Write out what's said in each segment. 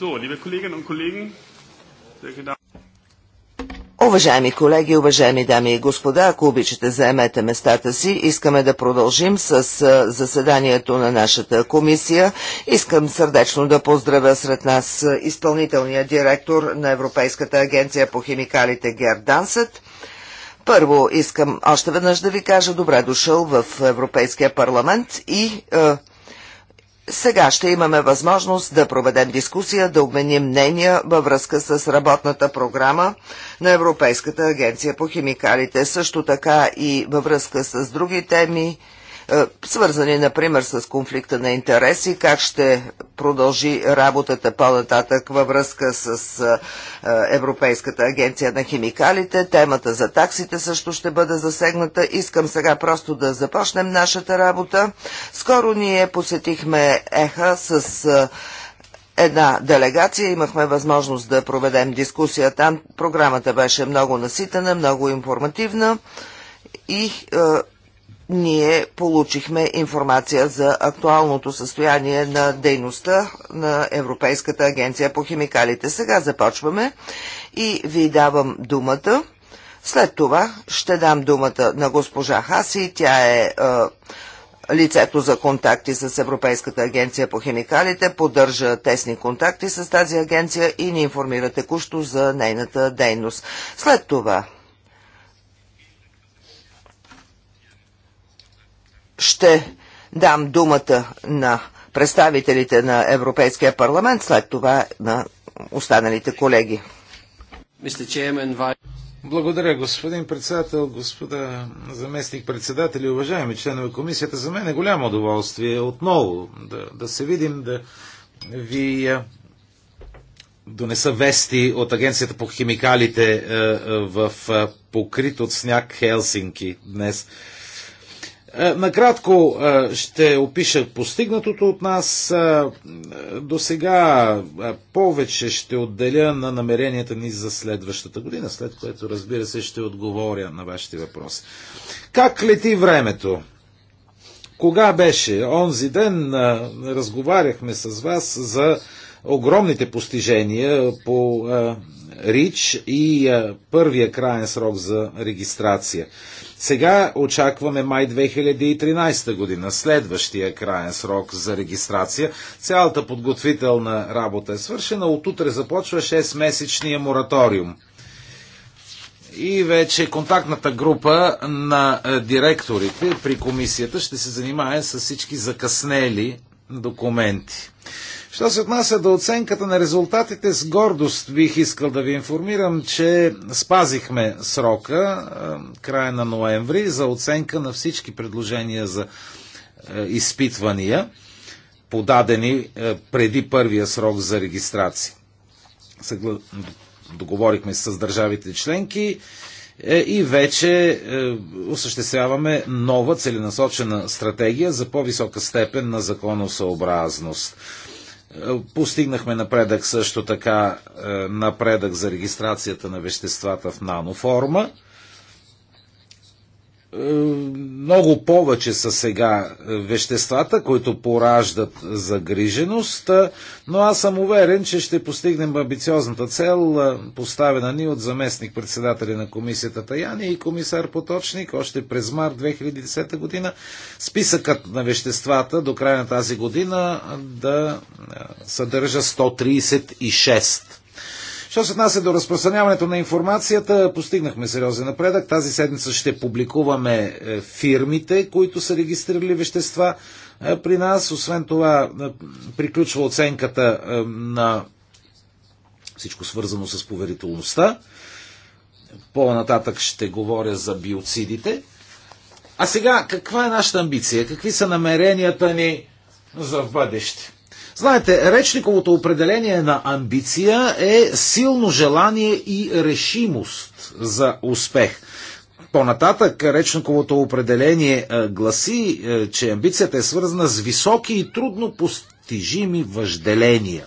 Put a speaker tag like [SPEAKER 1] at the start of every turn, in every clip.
[SPEAKER 1] So, liebe Kolleginnen und Kollegen,
[SPEAKER 2] Уважаеми колеги, уважаеми дами и господа, ако обичате заемете местата си, искаме да продължим с заседанието на нашата комисия. Искам сърдечно да поздравя сред нас изпълнителния директор на Европейската агенция по химикалите Гер Дансет. Първо искам още веднъж да ви кажа добре дошъл в Европейския парламент и е, сега ще имаме възможност да проведем дискусия, да обменим мнения във връзка с работната програма на Европейската агенция по химикалите, също така и във връзка с други теми, е, свързани, например, с конфликта на интереси, как ще продължи работата по-нататък във връзка с е, е, Европейската агенция на химикалите. Темата за таксите също ще бъде засегната. Искам сега просто да започнем нашата работа. Скоро ние посетихме ЕХА с една делегация. Имахме възможност да проведем дискусия там. Програмата беше много наситена, много информативна и е, ние получихме информация за актуалното състояние на дейността на Европейската агенция по химикалите. Сега започваме и ви давам думата. След това ще дам думата на госпожа Хаси. Тя е, е лицето за контакти с Европейската агенция по химикалите, поддържа тесни контакти с тази агенция и ни информира текущо за нейната дейност. След това ще дам думата на представителите на Европейския парламент, след това на останалите колеги.
[SPEAKER 3] Благодаря, господин председател, господа заместник председатели, уважаеми членове комисията. За мен е голямо удоволствие отново да, да се видим, да ви донеса вести от Агенцията по химикалите в покрит от сняг Хелсинки днес. Е, накратко е, ще опиша постигнатото от нас. Е, до сега повече ще отделя на намеренията ни за следващата година, след което, разбира се, ще отговоря на вашите въпроси. Как лети времето? Кога беше? Онзи ден разговаряхме с вас за огромните постижения по РИЧ и първия крайен срок за регистрация. Сега очакваме май 2013 година, следващия краен срок за регистрация. Цялата подготвителна работа е свършена. От утре започва 6-месечния мораториум. И вече контактната група на е, директорите при комисията ще се занимае с всички закъснели документи. Що се отнася до оценката на резултатите, с гордост бих искал да ви информирам, че спазихме срока, е, края на ноември, за оценка на всички предложения за е, изпитвания, подадени е, преди първия срок за регистрация. Договорихме с държавите членки и вече осъществяваме нова целенасочена стратегия за по-висока степен на законосъобразност. Е, постигнахме напредък също така, е, напредък за регистрацията на веществата в наноформа много повече са сега е, веществата, които пораждат загриженост, е, но аз съм уверен, че ще постигнем амбициозната цел, е, поставена ни от заместник председателя на комисията Таяни и комисар Поточник още през март 2010 година. Списъкът на веществата до края на тази година да съдържа 136 Що се отнася до разпространяването на информацията, постигнахме сериозен напредък. Тази седмица ще публикуваме е, фирмите, които са регистрирали вещества е, при нас. Освен това, е, приключва оценката на всичко свързано с поверителността. По-нататък ще говоря за биоцидите. А сега, каква е нашата амбиция? Какви са намеренията ни за в бъдеще? Знаете, речниковото определение на амбиция е силно желание и решимост за успех. По-нататък речниковото определение е, гласи, е, че амбицията е свързана с високи и трудно постижими въжделения.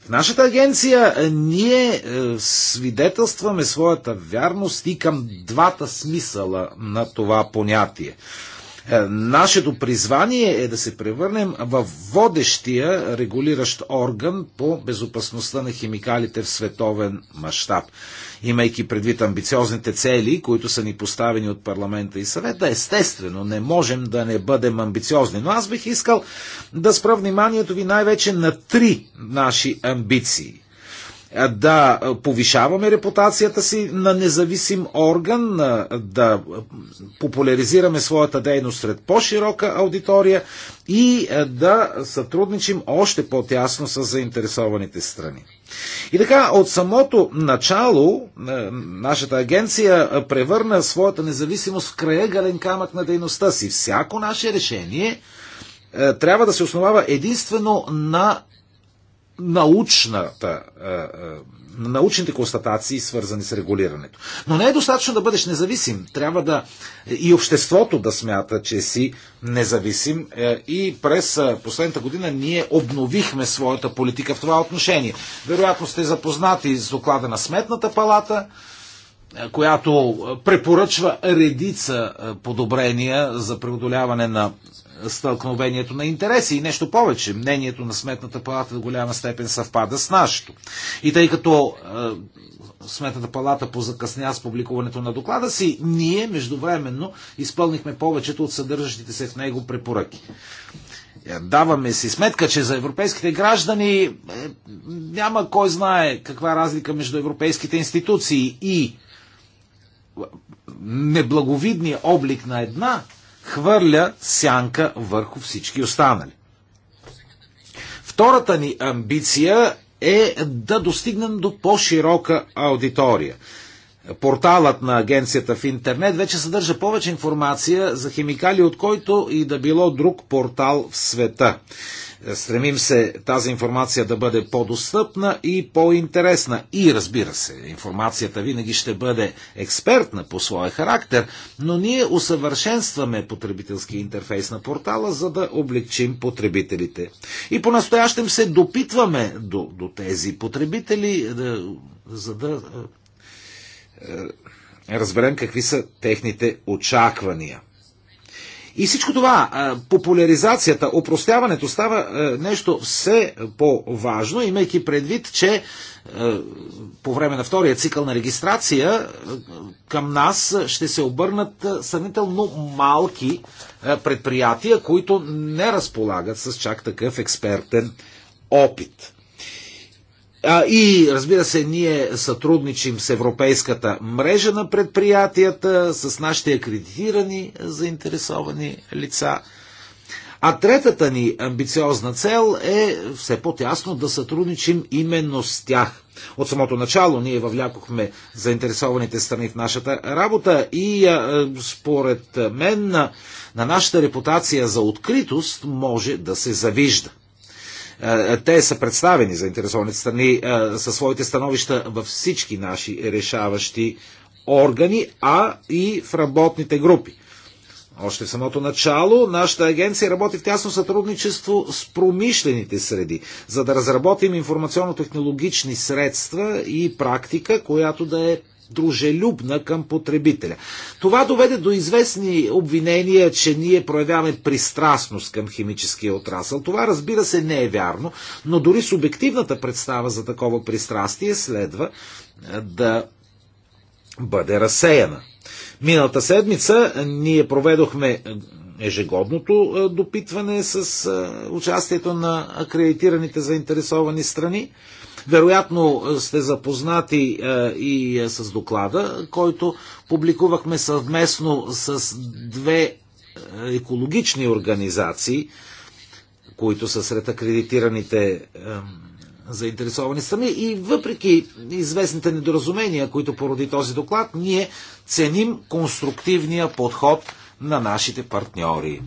[SPEAKER 3] В нашата агенция е, ние свидетелстваме своята вярност и към двата смисъла на това понятие. Е, нашето призвание е да се превърнем в водещия регулиращ орган по безопасността на химикалите в световен мащаб. Имайки предвид амбициозните цели, които са ни поставени от парламента и съвета, естествено не можем да не бъдем амбициозни. Но аз бих искал да спра вниманието ви най-вече на три наши амбиции. Е, да повишаваме репутацията си на независим орган, е, да популяризираме своята дейност сред по-широка аудитория и е, да сътрудничим още по-тясно с заинтересованите страни. И така, от самото начало нашата агенция превърна своята независимост в гален камък на дейността си. Всяко наше решение трябва да се основава единствено на научната, научните констатации, свързани с регулирането. Но не е достатъчно да бъдеш независим. Трябва да и обществото да смята, че си независим. Е, и през последната година ние обновихме своята политика в това отношение. Вероятно сте запознати с доклада на Сметната палата, е, която препоръчва редица е, подобрения за преодоляване на стълкновението на интереси и нещо повече. Мнението на Сметната палата до голяма степен съвпада с нашето. И тъй като е, Сметната палата позакъсня с публикуването на доклада си, ние междувременно изпълнихме повечето от съдържащите се в него препоръки. Е, даваме си сметка, че за европейските граждани е, няма кой знае каква разлика между европейските институции и е, неблаговидния облик на една хвърля сянка върху всички останали. Втората ни амбиция е да достигнем до по-широка аудитория. Порталът на агенцията в интернет вече съдържа повече информация за химикали, от който и да било друг портал в света. Стремим се тази информация да бъде по-достъпна и по-интересна. И разбира се, информацията винаги ще бъде експертна по своя характер, но ние усъвършенстваме потребителския интерфейс на портала, за да облегчим потребителите. И по-настоящем се допитваме до, до тези потребители, да, е, за да е, е, разберем какви са техните очаквания. И всичко това, популяризацията, опростяването става нещо все по-важно, имайки предвид, че по време на втория цикъл на регистрация към нас ще се обърнат сравнително малки предприятия, които не разполагат с чак такъв експертен опит. И разбира се, ние сътрудничим с Европейската мрежа на предприятията, с нашите акредитирани заинтересовани лица. А третата ни амбициозна цел е все по-тясно да сътрудничим именно с тях. От самото начало ние въвлякохме заинтересованите страни в нашата работа и според мен на нашата репутация за откритост може да се завижда. Е, е, те са представени, заинтересованите страни, е, със своите становища във всички наши решаващи органи, а и в работните групи. Още в самото начало нашата агенция работи в тясно сътрудничество с промишлените среди, за да разработим информационно-технологични средства и практика, която да е дружелюбна към потребителя. Това доведе до известни обвинения, че ние проявяваме пристрастност към химическия отрасъл. Това разбира се не е вярно, но дори субективната представа за такова пристрастие следва да бъде разсеяна. Миналата седмица ние проведохме ежегодното допитване с участието на акредитираните заинтересовани страни. Вероятно е, сте запознати е, и е, с доклада, който публикувахме съвместно с две екологични организации, които са сред акредитираните заинтересовани страни и въпреки известните недоразумения, които породи този доклад, ние ценим конструктивния подход на нашите партньори.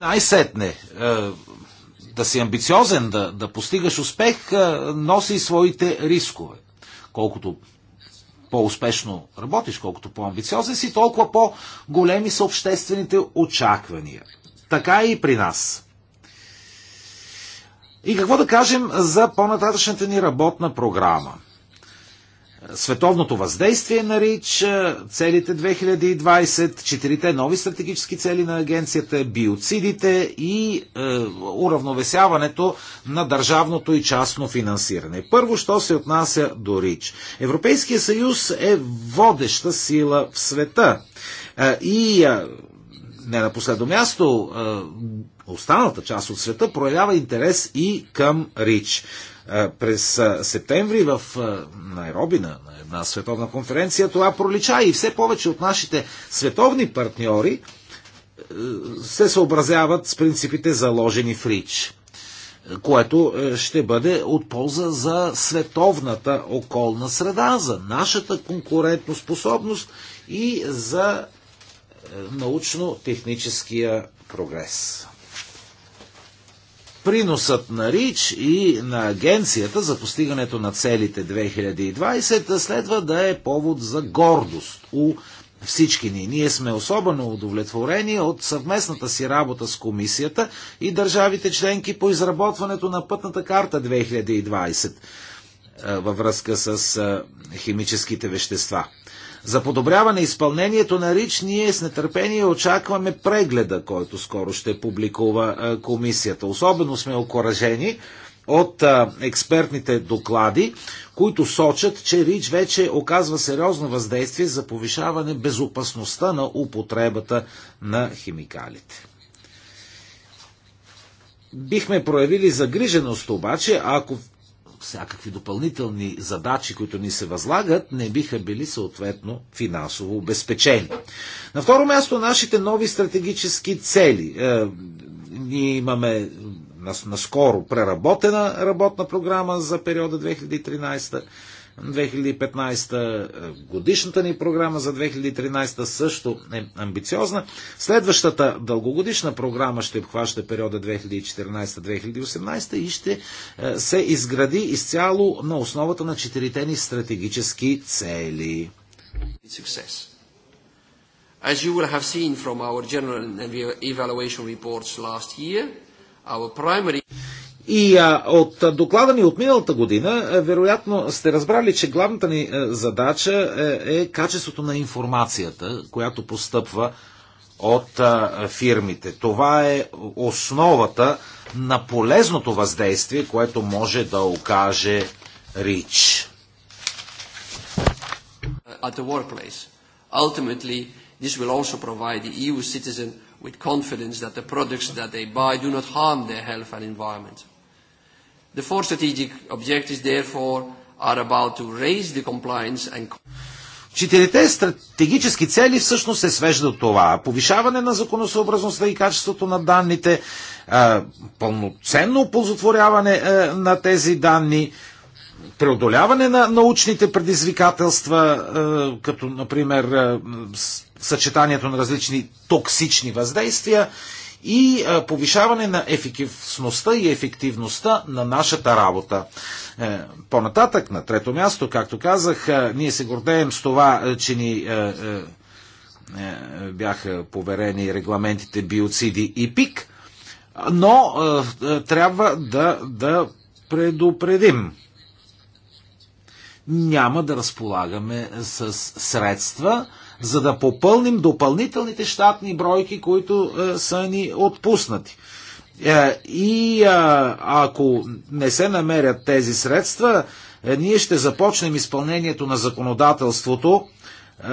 [SPEAKER 3] Най-сетне, да си амбициозен, да, да постигаш успех, носи своите рискове. Колкото по-успешно работиш, колкото по-амбициозен си, толкова по-големи са обществените очаквания. Така и при нас. И какво да кажем за по-нататъчната ни работна програма? световното въздействие на РИЧ, целите 2020, четирите нови стратегически цели на агенцията, биоцидите и е, уравновесяването на държавното и частно финансиране. Първо, що се отнася до РИЧ. Европейския съюз е водеща сила в света. Е, и е, не на последно място, е, останалата част от света проявява интерес и към РИЧ. През септември в Найроби на една световна конференция това пролича и все повече от нашите световни партньори се съобразяват с принципите заложени в РИЧ което ще бъде от полза за световната околна среда, за нашата конкурентоспособност и за научно-техническия прогрес приносът на РИЧ и на агенцията за постигането на целите 2020 следва да е повод за гордост у всички ни. Ние сме особено удовлетворени от съвместната си работа с комисията и държавите членки по изработването на пътната карта 2020 във връзка с химическите вещества. За подобряване изпълнението на РИЧ ние с нетърпение очакваме прегледа, който скоро ще публикува комисията. Особено сме окоръжени от а, експертните доклади, които сочат, че РИЧ вече оказва сериозно въздействие за повишаване безопасността на употребата на химикалите. Бихме проявили загриженост обаче, ако всякакви допълнителни задачи, които ни се възлагат, не биха били съответно финансово обезпечени. На второ място, нашите нови стратегически цели. Е, ние имаме наскоро преработена работна програма за периода 2013 2015. Е, годишната ни програма за 2013 също е амбициозна. Следващата дългогодишна програма ще обхваща периода 2014-2018 и ще е, се изгради изцяло на основата на четирите ни стратегически цели.
[SPEAKER 1] As you will have seen from our general evaluation reports last year, our primary
[SPEAKER 3] и а, от доклада ни от миналата година, е, вероятно сте разбрали, че главната ни е, задача е, е качеството на информацията, която постъпва от а, фирмите. Това е основата на полезното въздействие, което може да окаже РИЧ.
[SPEAKER 1] At the workplace. Ultimately, this will also provide the EU citizen with confidence that the products that they buy do not harm their health and environment. The four strategic objectives, therefore, are about to raise the compliance and
[SPEAKER 3] Четирите стратегически цели всъщност се свежда до това. Повишаване на законосъобразността и качеството на данните, е, пълноценно ползотворяване е, на тези данни, преодоляване на научните предизвикателства, е, като, например, съчетанието на различни токсични въздействия и повишаване на ефективността и ефективността на нашата работа. Е, по-нататък, на трето място, както казах, е, ние се гордеем с това, е, че ни бяха поверени регламентите биоциди и пик, но трябва да, да предупредим няма да разполагаме с средства, за да попълним допълнителните щатни бройки, които е, са ни отпуснати. Е, и е, ако не се намерят тези средства, е, ние ще започнем изпълнението на законодателството е,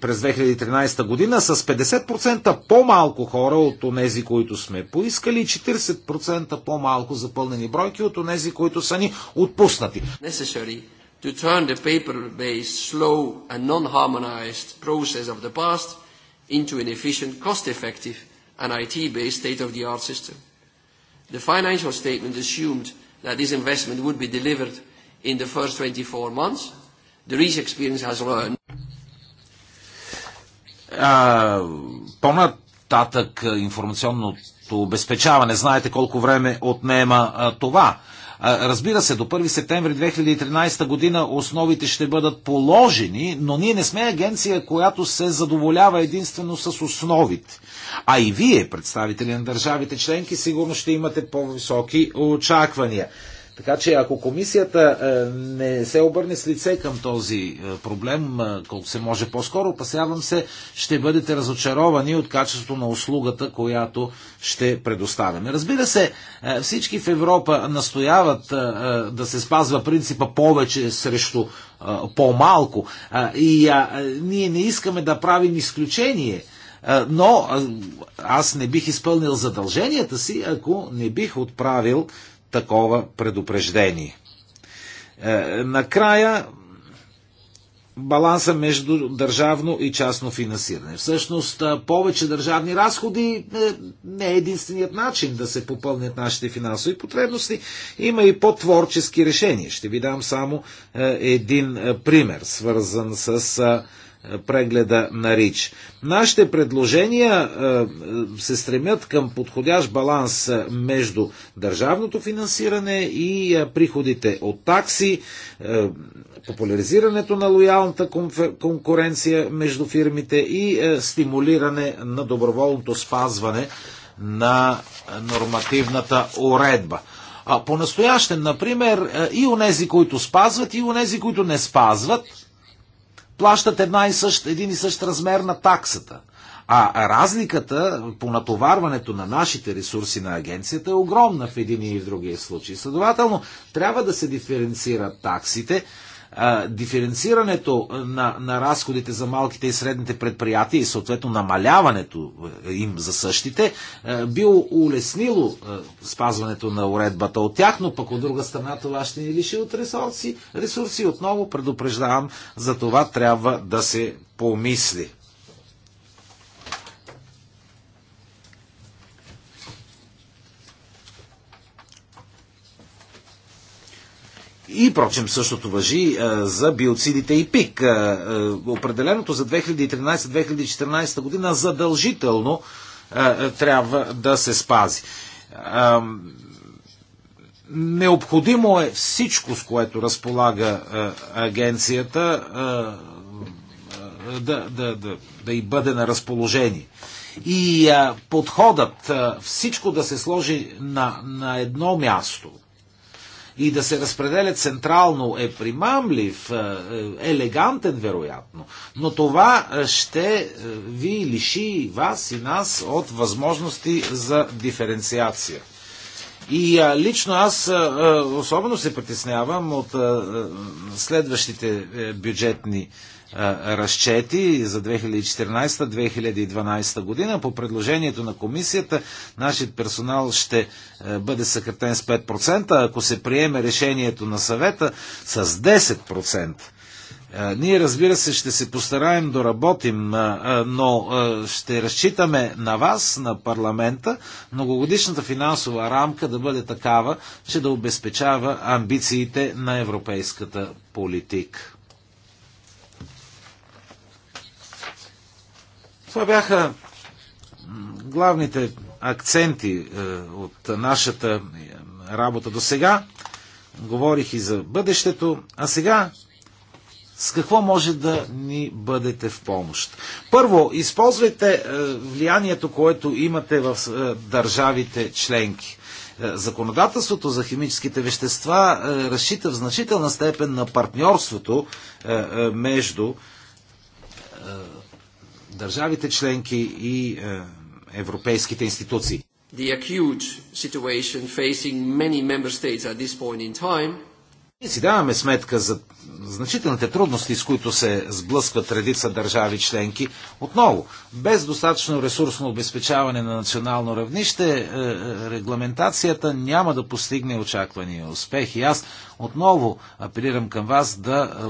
[SPEAKER 3] през 2013 година с 50% по-малко хора от онези, които сме поискали, и 40% по-малко запълнени бройки от онези, които са ни отпуснати
[SPEAKER 1] to turn the paper-based, slow and non-harmonized process of the past into an efficient, cost-effective and IT-based state-of-the-art system. The financial statement assumed that this investment would be delivered in the first 24 months. The REACH experience has learned.
[SPEAKER 3] по информационното обезпечаване, знаете колко време отнема а, това Разбира се, до 1 септември 2013 година основите ще бъдат положени, но ние не сме агенция, която се задоволява единствено с основите. А и вие, представители на държавите членки, сигурно ще имате по-високи очаквания. Така че ако комисията е, не се обърне с лице към този е, проблем, е, колко се може по-скоро, опасявам се, ще бъдете разочаровани от качеството на услугата, която ще предоставяме. Разбира се, всички в Европа настояват да се спазва принципа повече срещу по-малко. И ние не искаме да правим изключение но аз не бих изпълнил задълженията си, ако не бих отправил такова предупреждение. Е, накрая баланса между държавно и частно финансиране. Всъщност, е, повече държавни разходи е, не е единственият начин да се попълнят нашите финансови потребности. Има и по-творчески решения. Ще ви дам само един пример, свързан с прегледа на РИЧ. Нашите предложения е, се стремят към подходящ баланс между държавното финансиране и е, приходите от такси, е, популяризирането на лоялната конкуренция между фирмите и стимулиране на доброволното спазване на нормативната уредба. по настоящен, например, и нези, които спазват, и нези, които не спазват – плащат една и същ, един и същ размер на таксата. А разликата по натоварването на нашите ресурси на агенцията е огромна в един и в другия случай. Следователно, трябва да се диференцират таксите, диференцирането на, на разходите за малките и средните предприятия и съответно намаляването е, им за същите е, бил улеснило е, спазването на уредбата от тях, но пък от друга страна това ще ни лиши от ресурси. Ресурси отново предупреждавам, за това трябва да се помисли. И, прочим, същото въжи а, е, за биоцидите и пик. А, е, а, е, определеното за 2013-2014 година задължително а, трябва да се спази. А, необходимо е всичко, с което разполага а, агенцията, а, да, да, да, да и бъде на разположение. И а, подходът а, всичко да се сложи на, на едно място – и да се разпределя централно е примамлив, е, е, елегантен вероятно, но това е, ще ви лиши вас и нас от възможности за диференциация. И а, лично аз а, особено се притеснявам от а, следващите бюджетни а, разчети за 2014-2012 година. По предложението на комисията нашият персонал ще бъде съкратен с 5%, ако се приеме решението на съвета с 10%. Ние, разбира се, ще се постараем да работим, но ще разчитаме на вас, на парламента, многогодишната финансова рамка да бъде такава, че да обезпечава амбициите на европейската политика. Това бяха главните акценти е, от нашата е, работа до сега. Говорих и за бъдещето. А сега с какво може да ни бъдете в помощ? Първо, използвайте е, влиянието, което имате в държавите членки. Законодателството за химическите вещества разчита в значителна степен на партньорството между държавите членки и европейските институции.
[SPEAKER 1] The acute situation facing many member states at this point in time ние си
[SPEAKER 3] даваме сметка за значителните трудности, с които се сблъскват редица държави членки. Отново, без достатъчно ресурсно обезпечаване на национално равнище, е, е, регламентацията няма да постигне очаквания успех. И аз отново апелирам към вас да е,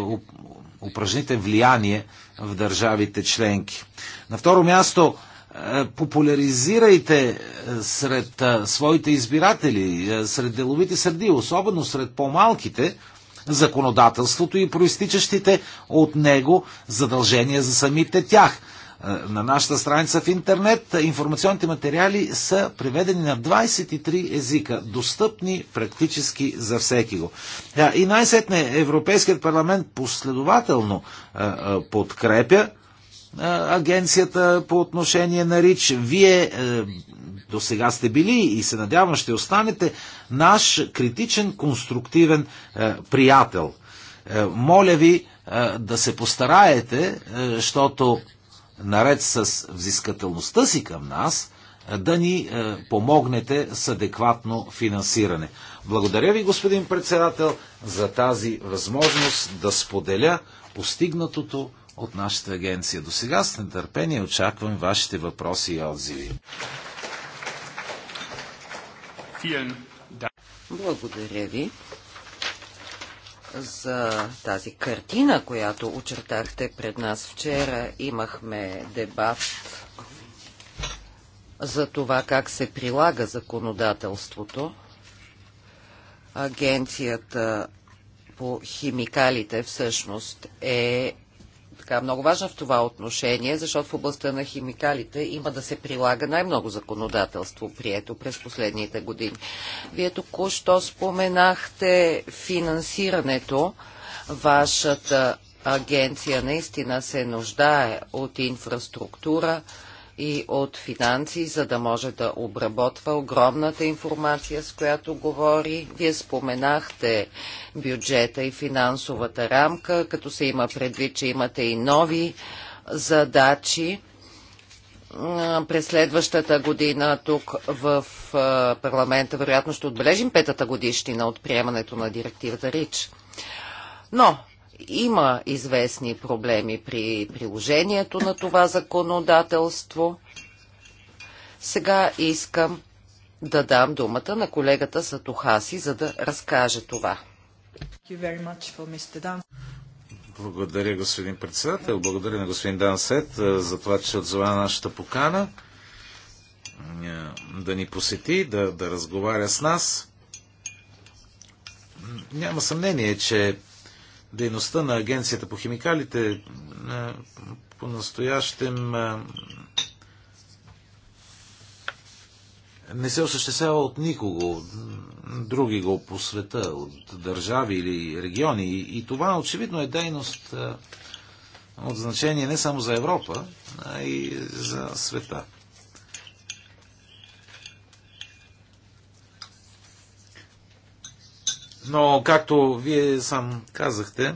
[SPEAKER 3] упражните влияние в държавите членки. На второ място, е, популяризирайте е, сред е, своите избиратели, сред деловите среди, особено сред по-малките, законодателството и проистичащите от него задължения за самите тях. На нашата страница в интернет информационните материали са приведени на 23 езика, достъпни практически за всеки го. И най-сетне Европейският парламент последователно подкрепя агенцията по отношение на РИЧ. Вие е, до сега сте били и се надявам ще останете наш критичен, конструктивен е, приятел. Е, моля ви да се постараете, защото наред с взискателността си към нас, да ни помогнете с адекватно финансиране. Благодаря ви, господин председател, за тази възможност да споделя постигнатото от нашата агенция. До сега с нетърпение очаквам вашите въпроси и отзиви.
[SPEAKER 4] Благодаря ви за тази картина, която очертахте пред нас вчера. Имахме дебат за това как се прилага законодателството. Агенцията по химикалите всъщност е така много важна в това отношение, защото в областта на химикалите има да се прилага най-много законодателство, прието през последните години. Вие току-що споменахте финансирането. Вашата агенция наистина се нуждае от инфраструктура, и от финанси, за да може да обработва огромната информация, с която говори. Вие споменахте бюджета и финансовата рамка, като се има предвид, че имате и нови задачи през следващата година тук в парламента вероятно ще отбележим петата годишнина от приемането на директивата РИЧ. Но има известни проблеми при приложението на това законодателство. Сега искам да дам думата на колегата Сатохаси, за да разкаже това.
[SPEAKER 3] Благодаря, господин председател. Благодаря на господин Дансет за това, че отзова на нашата покана да ни посети, да, да разговаря с нас. Няма съмнение, че дейността на Агенцията по химикалите е, по-настоящем е, не се осъществява от никого, други го по света, от държави или региони. И това очевидно е дейност е, от значение не само за Европа, а и за света. Но, както вие сам казахте,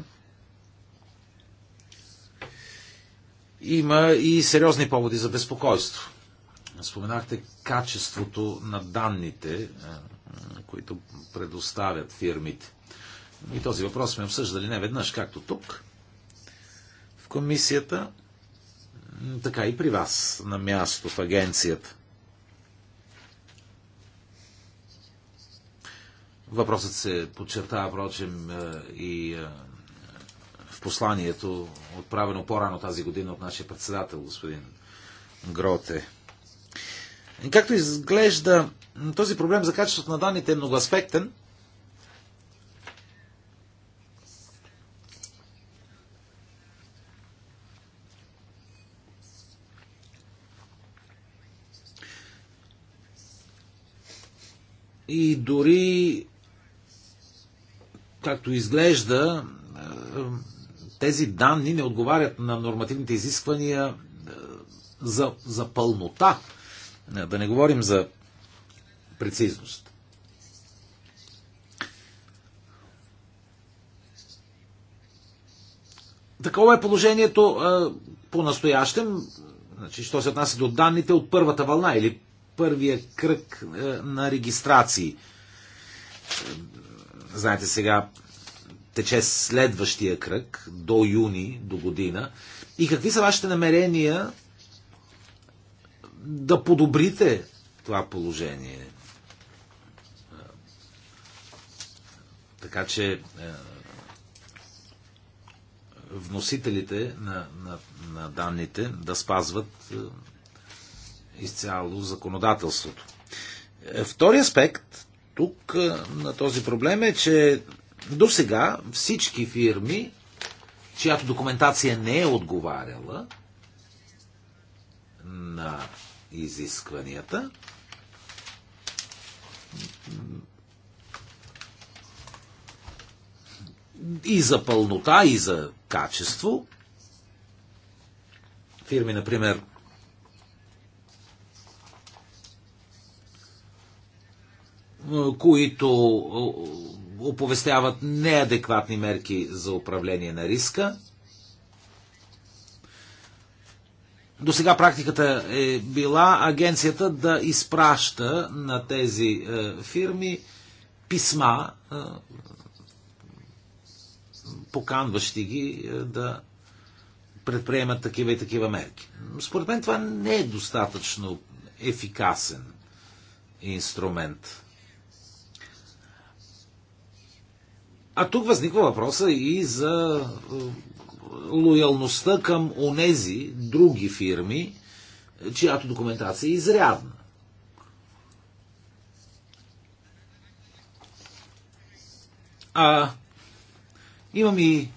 [SPEAKER 3] има и сериозни поводи за безпокойство. Споменахте качеството на данните, е, които предоставят фирмите. И този въпрос сме обсъждали не веднъж, както тук, в комисията, така и при вас на място в агенцията. Въпросът се подчертава, впрочем, е, и е, в посланието, отправено по-рано тази година от нашия председател, господин Гроте. Както изглежда, този проблем за качеството на данните е многоаспектен. И дори както изглежда, е, тези данни не отговарят на нормативните изисквания е, за, за пълнота. Е, да не говорим за прецизност. Такова е положението по-настоящем, значи, що се отнася до данните от първата вълна или първия кръг на регистрации Знаете, сега тече следващия кръг до юни, до година. И какви са вашите намерения да подобрите това положение? Така че е, вносителите на, на, на данните да спазват е, изцяло законодателството. Е, втори аспект тук на този проблем е, че до сега всички фирми, чиято документация не е отговаряла на изискванията, и за пълнота, и за качество. Фирми, например, които оповестяват неадекватни мерки за управление на риска. До сега практиката е била агенцията да изпраща на тези е, фирми писма, е, поканващи ги е, да предприемат такива и такива мерки. Според мен това не е достатъчно ефикасен инструмент. А тук възниква въпроса и за е, лоялността към онези други фирми, чиято документация е изрядна. А, имам и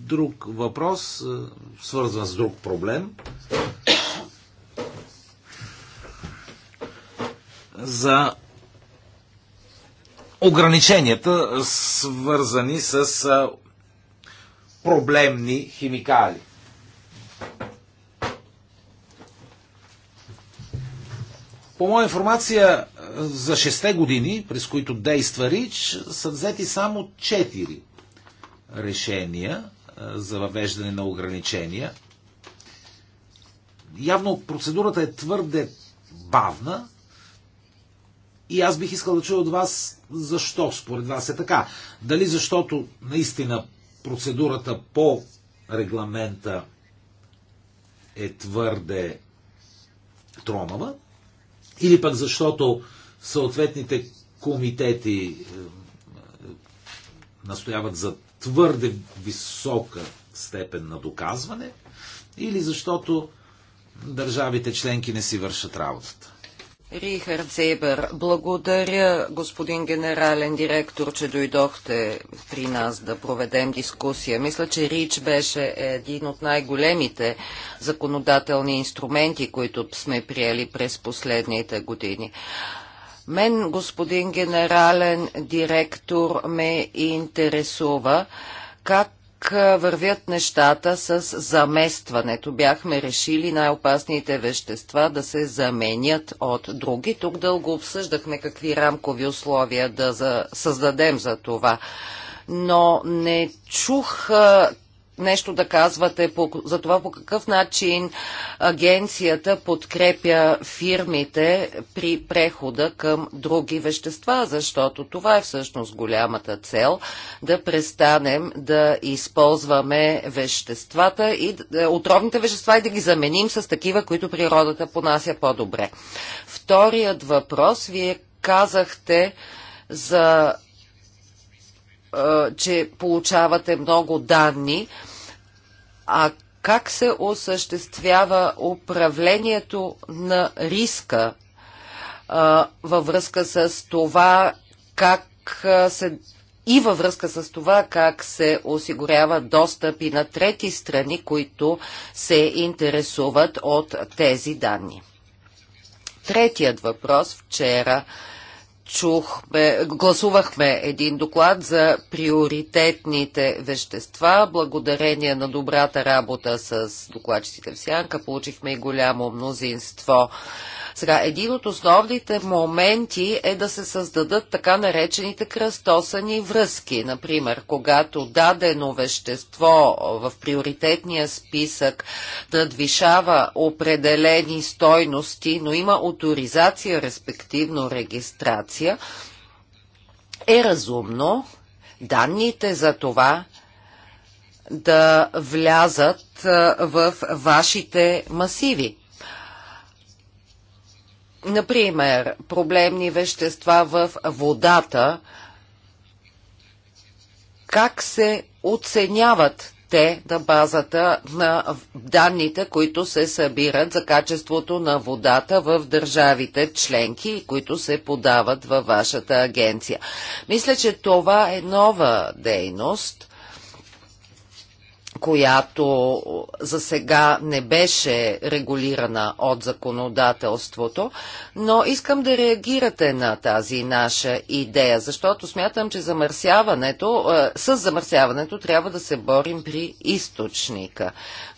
[SPEAKER 3] друг въпрос, е, свързан с друг проблем. За ограниченията, свързани с проблемни химикали. По моя информация, за 6 години, през които действа РИЧ, са взети само 4 решения за въвеждане на ограничения. Явно процедурата е твърде бавна и аз бих искал да чуя от вас защо според вас е така. Дали защото наистина процедурата по регламента е твърде тромава, или пък защото съответните комитети е, е, настояват за твърде висока степен на доказване, или защото държавите членки не си вършат работата.
[SPEAKER 4] Рихард Зебър, благодаря господин генерален директор, че дойдохте при нас да проведем дискусия. Мисля, че РИЧ беше един от най-големите законодателни инструменти, които сме приели през последните години. Мен, господин генерален директор, ме интересува как как вървят нещата с заместването. Бяхме решили най-опасните вещества да се заменят от други. Тук дълго обсъждахме какви рамкови условия да създадем за това но не чух нещо да казвате по, за това по какъв начин агенцията подкрепя фирмите при прехода към други вещества, защото това е всъщност голямата цел да престанем да използваме веществата и е, отровните вещества и да ги заменим с такива, които природата понася по-добре. Вторият въпрос, вие казахте за че получавате много данни, а как се осъществява управлението на риска във връзка с това как се и във връзка с това как се осигурява достъп и на трети страни, които се интересуват от тези данни. Третият въпрос вчера чухме, гласувахме един доклад за приоритетните вещества. Благодарение на добрата работа с докладчиците в Сянка получихме и голямо мнозинство. Сега, един от основните моменти е да се създадат така наречените кръстосани връзки. Например, когато дадено вещество в приоритетния списък надвишава определени стойности, но има авторизация, респективно регистрация информация, е разумно данните за това да влязат в вашите масиви. Например, проблемни вещества в водата, как се оценяват те на базата на данните, които се събират за качеството на водата в държавите членки, които се подават във вашата агенция. Мисля, че това е нова дейност – която за сега не беше регулирана от законодателството, но искам да реагирате на тази наша идея, защото смятам, че замърсяването, е, с замърсяването трябва да се борим при източника,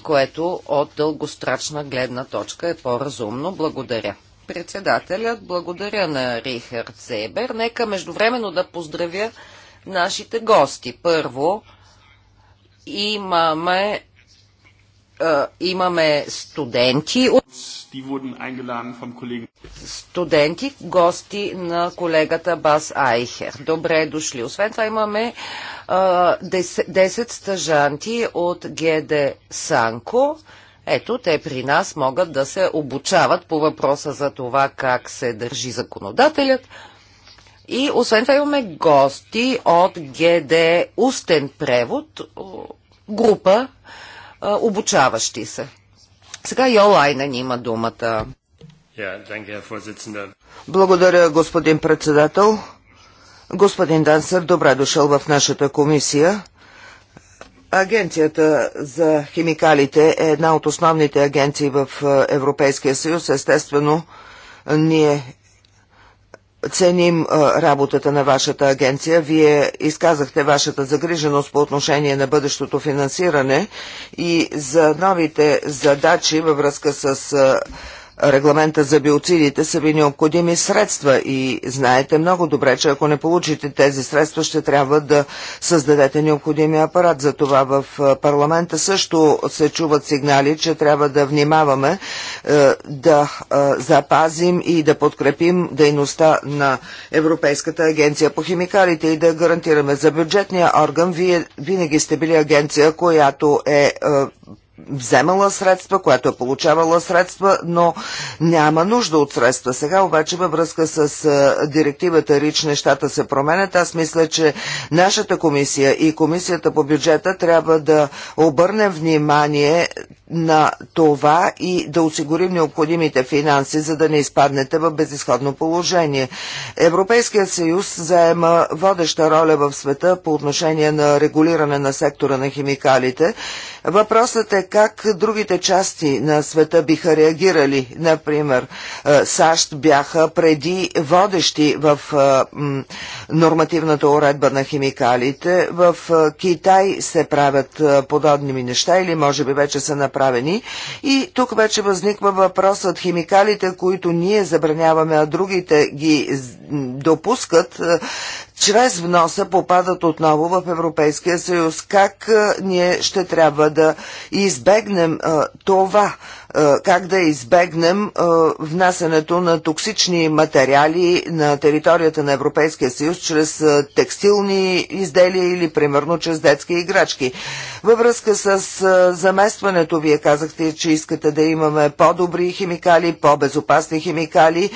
[SPEAKER 4] което от дългострачна гледна точка е по-разумно. Благодаря. Председателят, благодаря на Рихард Себер. Нека междувременно да поздравя нашите гости. Първо, имаме е, имаме студенти. Студенти, гости на колегата Бас Айхер. Добре дошли. Освен това имаме 10, е, 10 стъжанти от ГД Санко. Ето, те при нас могат да се обучават по въпроса за това как се държи законодателят. И освен това имаме гости от ГД Устен превод група а, обучаващи се. Сега ни има
[SPEAKER 2] думата. Благодаря, господин председател. Господин Дансър, добре дошъл в нашата комисия. Агенцията за химикалите е една от основните агенции в Европейския съюз. Естествено, ние ценим работата на вашата агенция. Вие изказахте вашата загриженост по отношение на бъдещото финансиране и за новите задачи във връзка с регламента за биоцидите са ви необходими средства и знаете много добре, че ако не получите тези средства, ще трябва да създадете необходимия апарат. За това в е, парламента също се чуват сигнали, че трябва да внимаваме е, да е, запазим и да подкрепим дейността на Европейската агенция по химикалите и да гарантираме за бюджетния орган. Вие винаги сте били агенция, която е вземала средства, която е получавала средства, но няма нужда от средства. Сега обаче във връзка с директивата РИЧ нещата се променят. Аз мисля, че нашата комисия и комисията по бюджета трябва да обърнем внимание на това и да осигурим необходимите финанси, за да не изпаднете в безисходно положение. Европейският съюз заема водеща роля в света по отношение на регулиране на сектора на химикалите. Въпросът е как другите части на света биха реагирали. Например, е, САЩ бяха преди водещи в е, нормативната уредба на химикалите. В е, Китай се правят подобни ми неща или може би вече са направени. И тук вече възниква въпросът химикалите, които ние забраняваме, а другите ги допускат, чрез вноса попадат отново в Европейския съюз. Как ние ще трябва да избегнем това? Как да избегнем внасенето на токсични материали на територията на Европейския съюз чрез текстилни изделия или примерно чрез детски играчки? Във връзка с заместването, вие казахте, че искате да имаме по-добри химикали, по-безопасни химикали.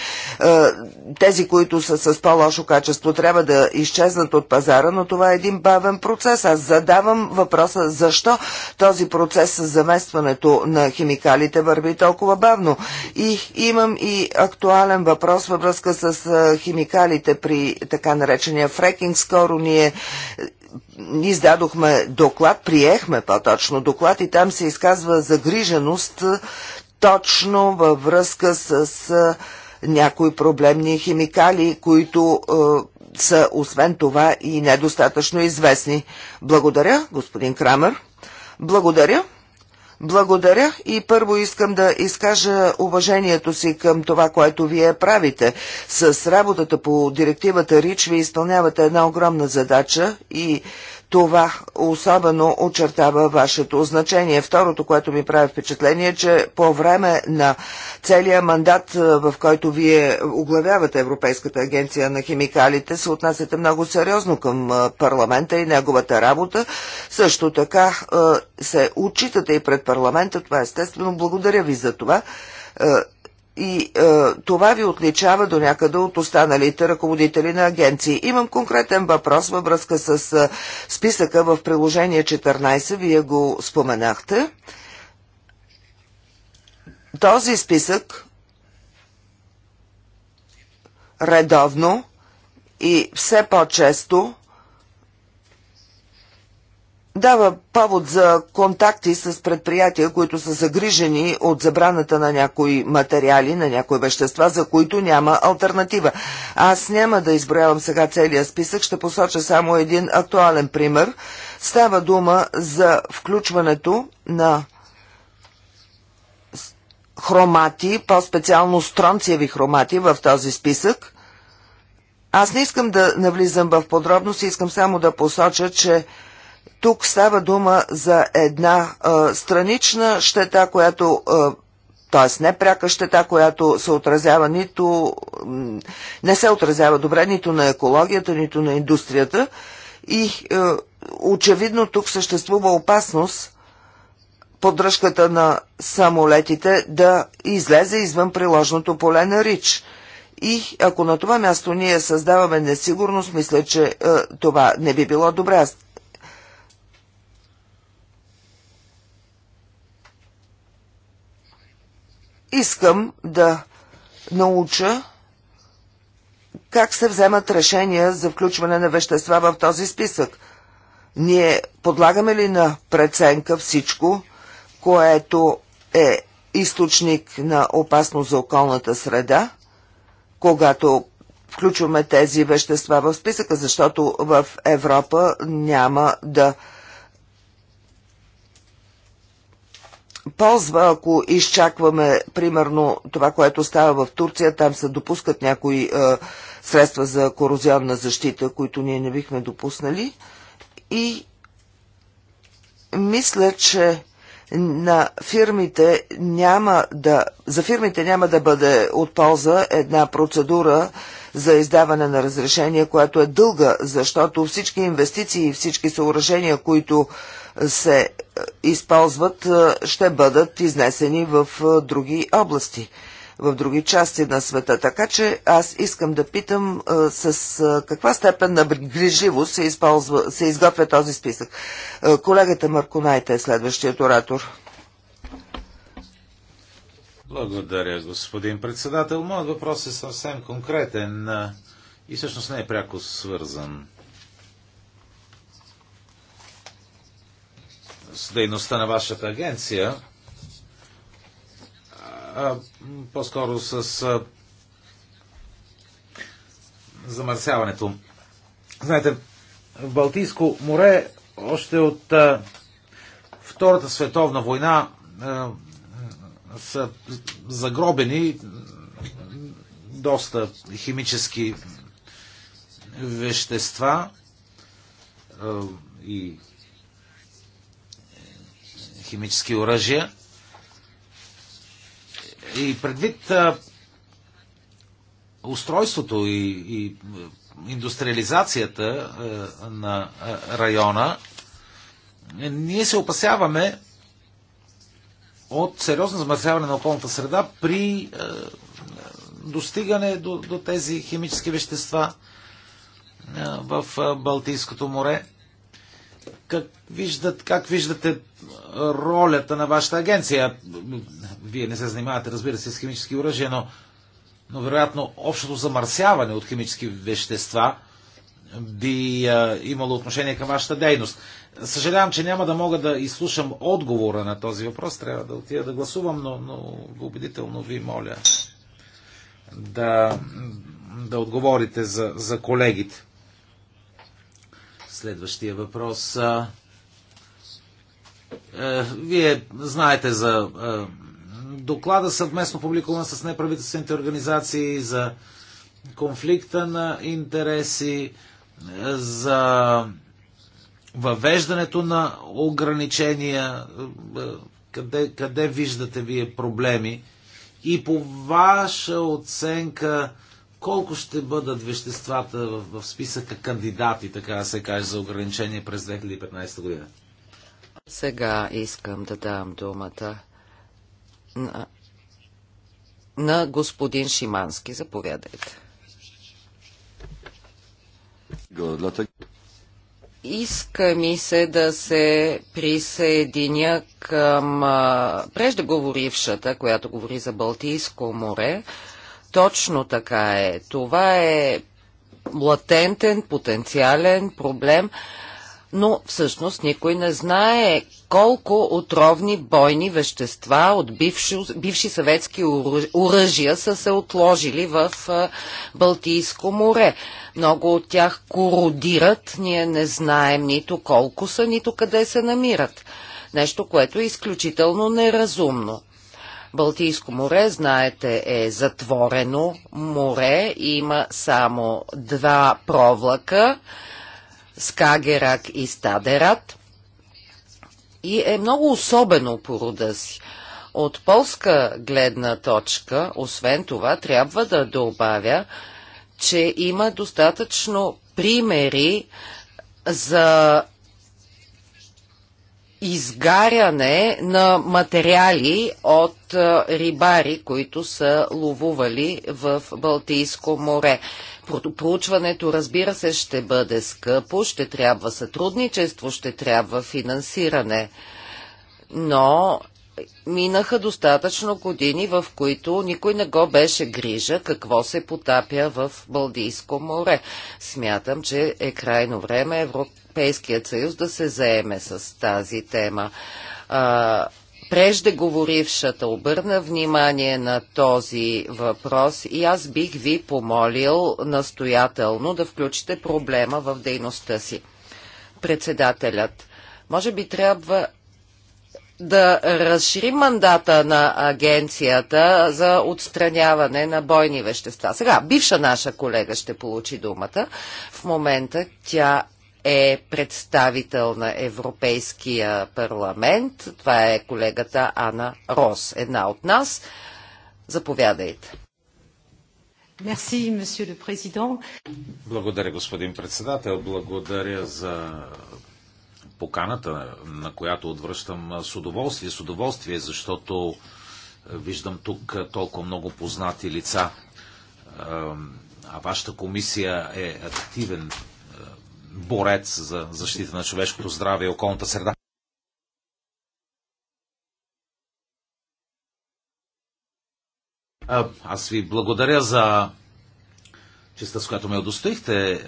[SPEAKER 2] Тези, които са с по-лошо качество, трябва да изчезнат от пазара, но това е един бавен процес. Аз задавам въпроса защо този процес с заместването на химикалите върви толкова бавно. И имам и актуален въпрос във връзка с химикалите при така наречения фрекинг. Скоро ние издадохме доклад, приехме по-точно доклад и там се изказва загриженост точно във връзка с някои проблемни химикали, които е, са освен това и недостатъчно известни. Благодаря, господин Крамер. Благодаря. Благодаря и първо искам да изкажа уважението си към това, което вие правите. С работата по директивата РИЧ ви изпълнявате една огромна задача и това особено очертава вашето значение. Второто, което ми прави впечатление е, че по време на целия мандат, е, в който вие оглавявате Европейската агенция на химикалите, се отнасяте много сериозно към е, парламента и неговата работа. Също така е, се отчитате и пред парламента. Това естествено. Благодаря ви за това и е, това ви отличава до някъде от останалите ръководители на агенции. Имам конкретен въпрос във връзка с е, списъка в приложение 14, вие го споменахте. Този списък редовно и все по-често дава повод за контакти с предприятия, които са загрижени от забраната на някои материали, на някои вещества, за които няма альтернатива. Аз няма да изброявам сега целият списък, ще посоча само един актуален пример. Става дума за включването на хромати, по-специално стронциеви хромати в този списък. Аз не искам да навлизам в подробности, искам само да посоча, че тук става дума за една а, странична щета, която т.е. не пряка щета, която се отразява нито, не се отразява добре нито на екологията, нито на индустрията. И е, очевидно тук съществува опасност поддръжката на самолетите да излезе извън приложното поле на РИЧ. И ако на това място ние създаваме несигурност, мисля, че е, това не би било добре. Аз искам да науча как се вземат решения за включване на вещества в този списък. Ние подлагаме ли на преценка всичко, което е източник на опасност за околната среда, когато включваме тези вещества в списъка, защото в Европа няма да ползва, ако изчакваме, примерно, това, което става в Турция, там се допускат някои е, средства за корозионна защита, които ние не бихме допуснали. И мисля, че на фирмите няма да, за фирмите няма да бъде от полза една процедура за издаване на разрешение, която е дълга, защото всички инвестиции и всички съоръжения, които се е, използват, е, ще бъдат изнесени в е, други области, в други части на света. Така че аз искам да питам с каква степен на грижливост се, използва, се изготвя този списък. Колегата Марконайте е следващият оратор.
[SPEAKER 3] Благодаря, господин председател. Моят въпрос е съвсем конкретен и всъщност не е пряко свързан с дейността на вашата агенция, по-скоро с а, замърсяването. Знаете, в Балтийско море още от а, Втората световна война а, са загробени доста химически вещества и химически оръжия. И предвид устройството и, и индустриализацията на района, ние се опасяваме от сериозно замърсяване на околната среда при достигане до, до тези химически вещества в Балтийското море как, виждат, как виждате ролята на вашата агенция? Вие не се занимавате, разбира се, с химически оръжия, но, но вероятно общото замърсяване от химически вещества би а, имало отношение към вашата дейност. Съжалявам, че няма да мога да изслушам отговора на този въпрос. Трябва да отида да гласувам, но, но убедително ви моля да, да отговорите за, за колегите. Следващия въпрос. е. Вие знаете за е, доклада съвместно публикуван с неправителствените организации за конфликта на интереси, е, за въвеждането на ограничения, е, къде, къде виждате вие проблеми и по ваша оценка колко ще бъдат веществата в, в списъка кандидати, така да се каже, за ограничение през 2015 година?
[SPEAKER 4] Сега искам да дам думата на, на господин Шимански. Заповядайте. Иска ми се да се присъединя към преждеговорившата, която говори за Балтийско море. Точно така е. Това е латентен, потенциален проблем, но всъщност никой не знае колко отровни бойни вещества от бивши, бивши съветски оръжия са се отложили в Балтийско море. Много от тях кородират, ние не знаем нито колко са, нито къде се намират. Нещо, което е изключително неразумно. Балтийско море, знаете, е затворено море, има само два провлака, Скагерак и Стадерат. И е много особено по рода си. От полска гледна точка, освен това, трябва да добавя, че има достатъчно примери за изгаряне на материали от е, рибари, които са ловували в Балтийско море. Проучването, разбира се, ще бъде скъпо, ще трябва сътрудничество, ще трябва финансиране. Но минаха достатъчно години, в които никой не го беше грижа какво се потапя в Балдийско море. Смятам, че е крайно време Европа Европейският съюз да се заеме с тази тема. А, преждеговорившата обърна внимание на този въпрос и аз бих ви помолил настоятелно да включите проблема в дейността си. Председателят, може би трябва да разшири мандата на агенцията за отстраняване на бойни вещества. Сега, бивша наша колега ще получи думата. В момента тя е представител на Европейския парламент. Това е колегата Ана Рос, една от нас. Заповядайте.
[SPEAKER 3] Благодаря, господин председател. Благодаря за поканата, на която отвръщам с удоволствие, с удоволствие, защото виждам тук толкова много познати лица. А вашата комисия е активен борец за защита на човешкото здраве и околната среда. Аз ви благодаря за честа, с която ме удостоихте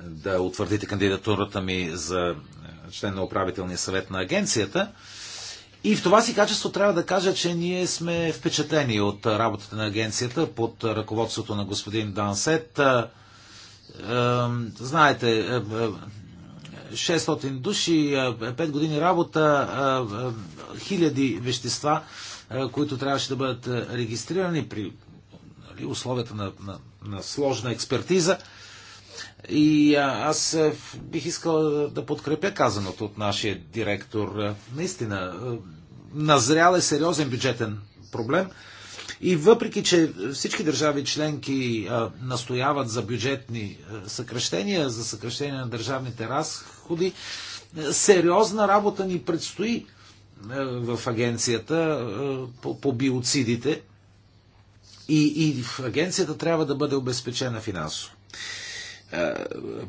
[SPEAKER 3] да утвърдите кандидатурата ми за член на управителния съвет на агенцията. И в това си качество трябва да кажа, че ние сме впечатлени от работата на агенцията под ръководството на господин Дансет знаете, 600 е, е, души, 5 е, години работа, хиляди вещества, които трябваше да бъдат регистрирани при нали, условията на, на, на сложна експертиза. И аз бих искал да подкрепя казаното от нашия директор. Наистина, назрял е сериозен бюджетен проблем. И въпреки, че всички държави членки настояват за бюджетни съкрещения, за съкрещения на държавните разходи, сериозна работа ни предстои в агенцията по, по биоцидите и, и в агенцията трябва да бъде обезпечена финансово.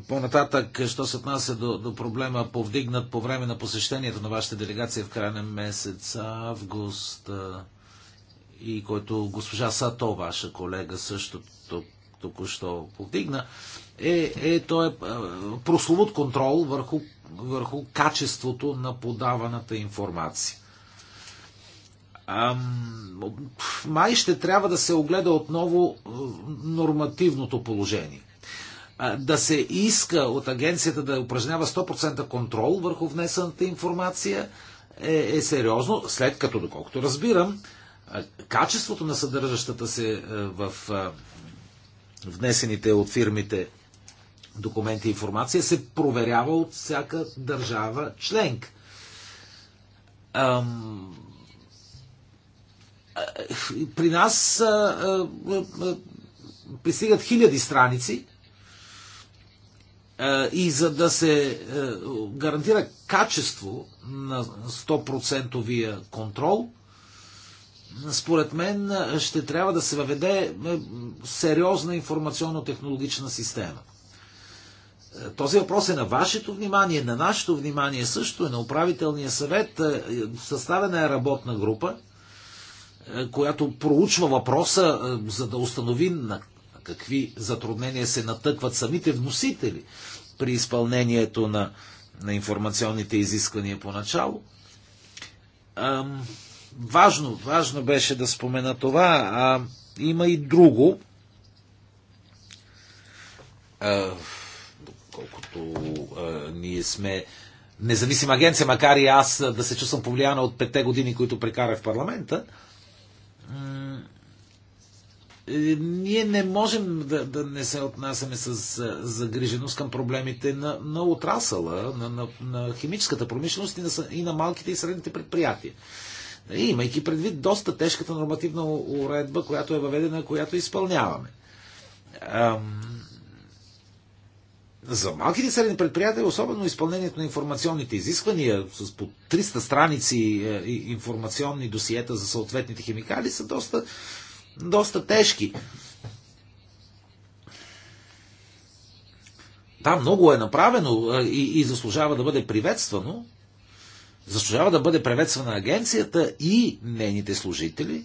[SPEAKER 3] По-нататък, що се отнася до, до проблема, повдигнат по време на посещението на вашата делегация в края на месец август, и който госпожа Сато, ваша колега, също току-що повдигна, е, е, то е, е прословут контрол върху, върху качеството на подаваната информация. Ам, май ще трябва да се огледа отново е, нормативното положение. А, да се иска от агенцията да упражнява 100% контрол върху внесената информация е, е сериозно, след като, доколкото разбирам, качеството на съдържащата се е, в внесените от фирмите документи и информация се проверява от всяка държава членка. Е, при нас пристигат хиляди страници и за да се е, гарантира качество на 100% контрол, според мен ще трябва да се въведе сериозна информационно-технологична система. Този въпрос е на вашето внимание, на нашето внимание също, е на управителния съвет. Съставена е работна група, която проучва въпроса, за да установи на какви затруднения се натъкват самите вносители при изпълнението на, на информационните изисквания поначало. Ам важно, важно беше да спомена това, а има и друго. А, колкото а, ние сме независима агенция, макар и аз да се чувствам повлияна от петте години, които прекарах в парламента, е, ние не можем да, да не се отнасяме с загриженост към проблемите на, на отрасъла, на, на, на химическата промишленост и на, и на малките и средните предприятия. Нали, имайки предвид доста тежката нормативна уредба, която е въведена, която изпълняваме. За малките и средни предприятия, особено изпълнението на информационните изисквания с по 300 страници е, информационни досиета за съответните химикали са доста, доста тежки. Да, много е направено е, и, и заслужава да бъде приветствано, заслужава да бъде приветствана агенцията и нейните служители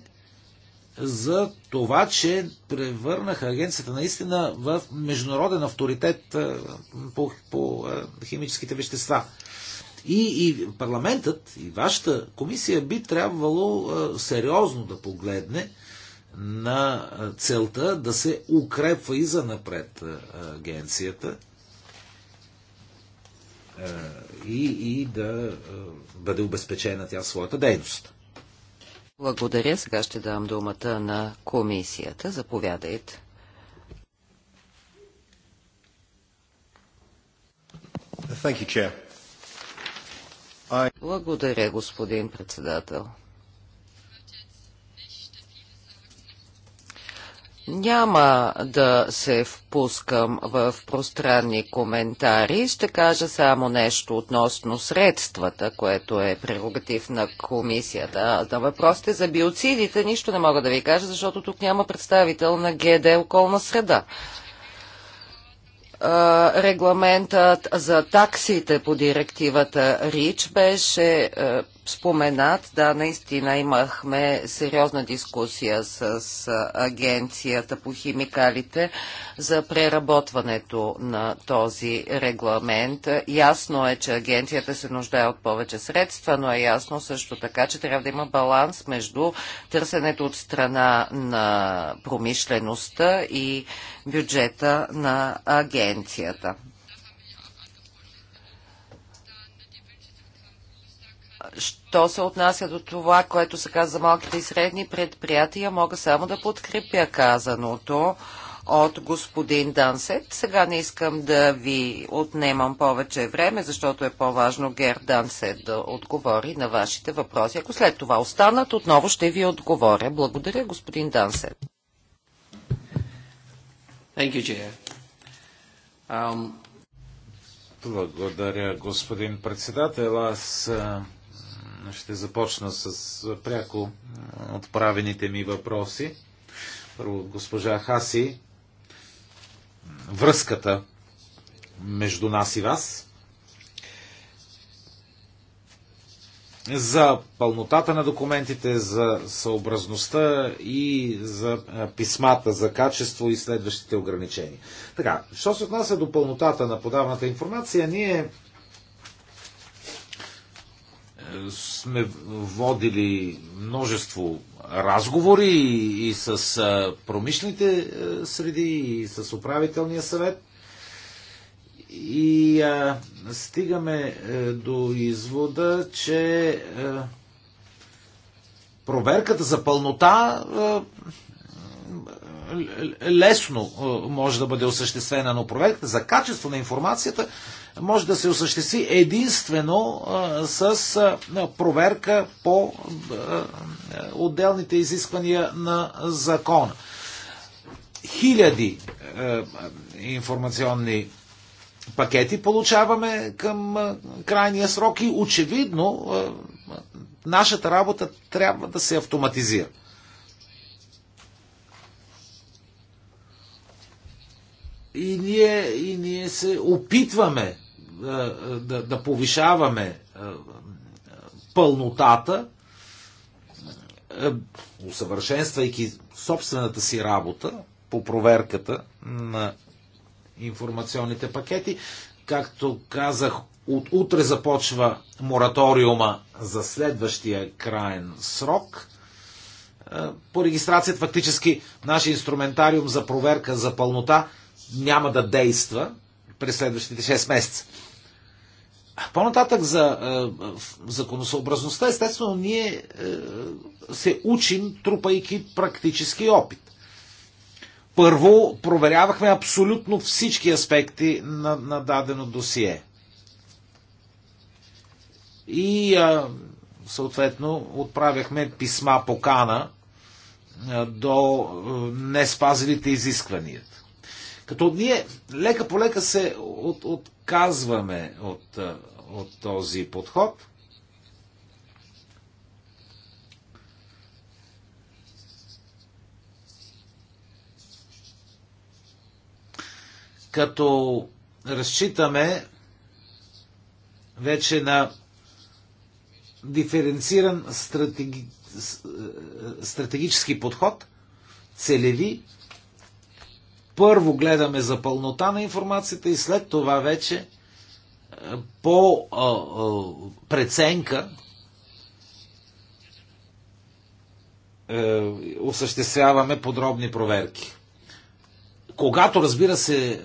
[SPEAKER 3] за това, че превърнаха агенцията наистина в международен авторитет по, по химическите вещества. И, и парламентът, и вашата комисия би трябвало сериозно да погледне на целта да се укрепва и за напред агенцията и, и да бъде обезпечена тя своята дейност. Благодаря. Сега ще дам
[SPEAKER 4] думата на комисията. Заповядайте. You, I... Благодаря, господин председател. Няма да се впускам в пространни коментари. Ще кажа само нещо относно средствата, което е прерогатив на комисията. На въпросите за биоцидите нищо не мога да ви кажа, защото тук няма представител на ГД околна среда регламентът за таксите по директивата РИЧ беше споменат. Да, наистина имахме сериозна дискусия с Агенцията по химикалите за преработването на този регламент. Ясно е, че агенцията се нуждае от повече средства, но е ясно също така, че трябва да има баланс между търсенето от страна на промишлеността и бюджета на агенцията. Що се отнася до това, което се каза за малките и средни предприятия, мога само да подкрепя казаното от господин Дансет. Сега не искам да ви отнемам повече време, защото е по-важно Гер Дансет да отговори на вашите въпроси. Ако след това останат, отново ще ви отговоря. Благодаря, господин Дансет.
[SPEAKER 1] You,
[SPEAKER 3] um... Благодаря, господин председател. Аз ще започна с пряко отправените ми въпроси. Първо госпожа Хаси. Връзката между нас и вас. За пълнотата на документите, за съобразността и за писмата, за качество и следващите ограничения. Така, що се отнася до пълнотата на подаваната информация, ние сме водили множество разговори и, с промишлените среди, и с управителния съвет. И а, стигаме а, е, до извода, че а, е, проверката за пълнота а, е, лесно е, може да бъде осъществена, но проверката за качество на информацията може да се осъществи единствено е, с е, проверка по отделните изисквания на закона. Хиляди информационни пакети получаваме към крайния срок и очевидно нашата работа трябва да се автоматизира. и ние, и ние се опитваме да, да, да повишаваме пълнотата, усъвършенствайки собствената си работа по проверката на информационните пакети. Както казах, от утре започва мораториума за следващия краен срок. По регистрацията фактически нашия инструментариум за проверка за пълнота няма да действа през следващите 6 месеца. По-нататък за е, законосъобразността, естествено, ние е, се учим, трупайки практически опит. Първо, проверявахме абсолютно всички аспекти на, на дадено досие. И, е, съответно, отправяхме писма покана е, до е, неспазилите изискванията като ние лека по лека се от, отказваме от, от този подход. Като разчитаме вече на диференциран стратеги... стратегически подход, целеви първо гледаме за пълнота на информацията и след това вече е, по а, а, преценка а, е, осъществяваме подробни проверки. Когато, разбира се, е,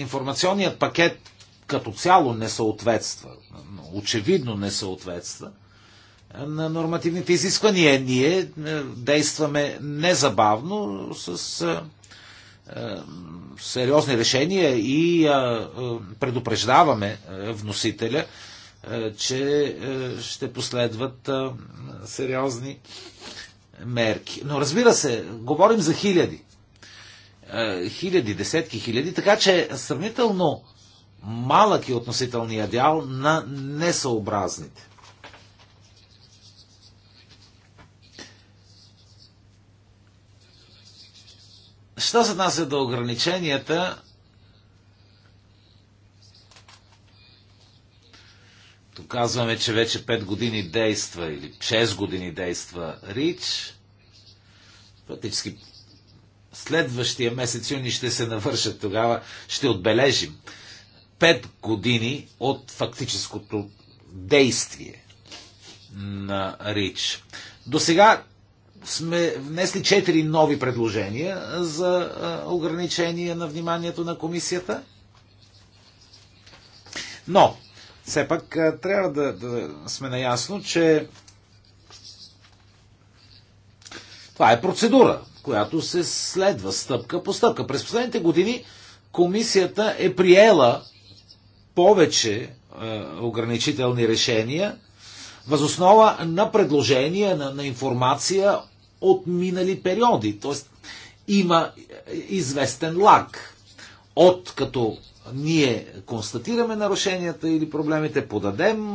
[SPEAKER 3] информационният пакет като цяло не съответства, очевидно не съответства на нормативните изисквания, ние действаме незабавно с е, сериозни решения и е, е, предупреждаваме вносителя, че ще последват сериозни мерки. Но разбира се, говорим за хиляди. Хиляди, десетки хиляди, така че сравнително малък е относителният дял на несъобразните. Що се отнася до ограниченията, тук казваме, че вече 5 години действа или 6 години действа РИЧ, практически следващия месец юни ще се навършат тогава, ще отбележим 5 години от фактическото действие на РИЧ. До сега сме внесли четири нови предложения за ограничение на вниманието на комисията. Но, все пак трябва да, да сме наясно, че това е процедура, която се следва стъпка по стъпка. През последните години комисията е приела повече е, ограничителни решения, възоснова на предложения, на, на информация от минали периоди. Т.е. има известен лаг от като ние констатираме нарушенията или проблемите, подадем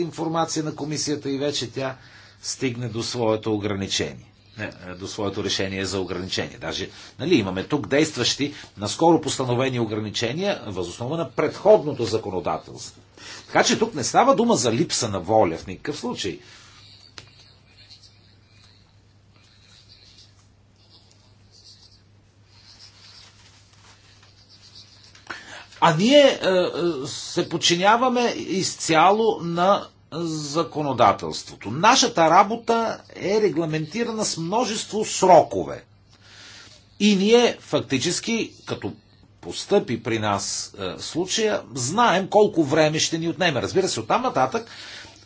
[SPEAKER 3] информация на комисията и вече тя стигне до своето ограничение до своето решение за ограничение. Даже нали, имаме тук действащи, наскоро постановени ограничения, възоснова на предходното законодателство. Така че тук не става дума за липса на воля в никакъв случай. А ние е, е, се подчиняваме изцяло на законодателството. Нашата работа е регламентирана с множество срокове. И ние фактически, като постъпи при нас е, случая, знаем колко време ще ни отнеме. Разбира се, оттам нататък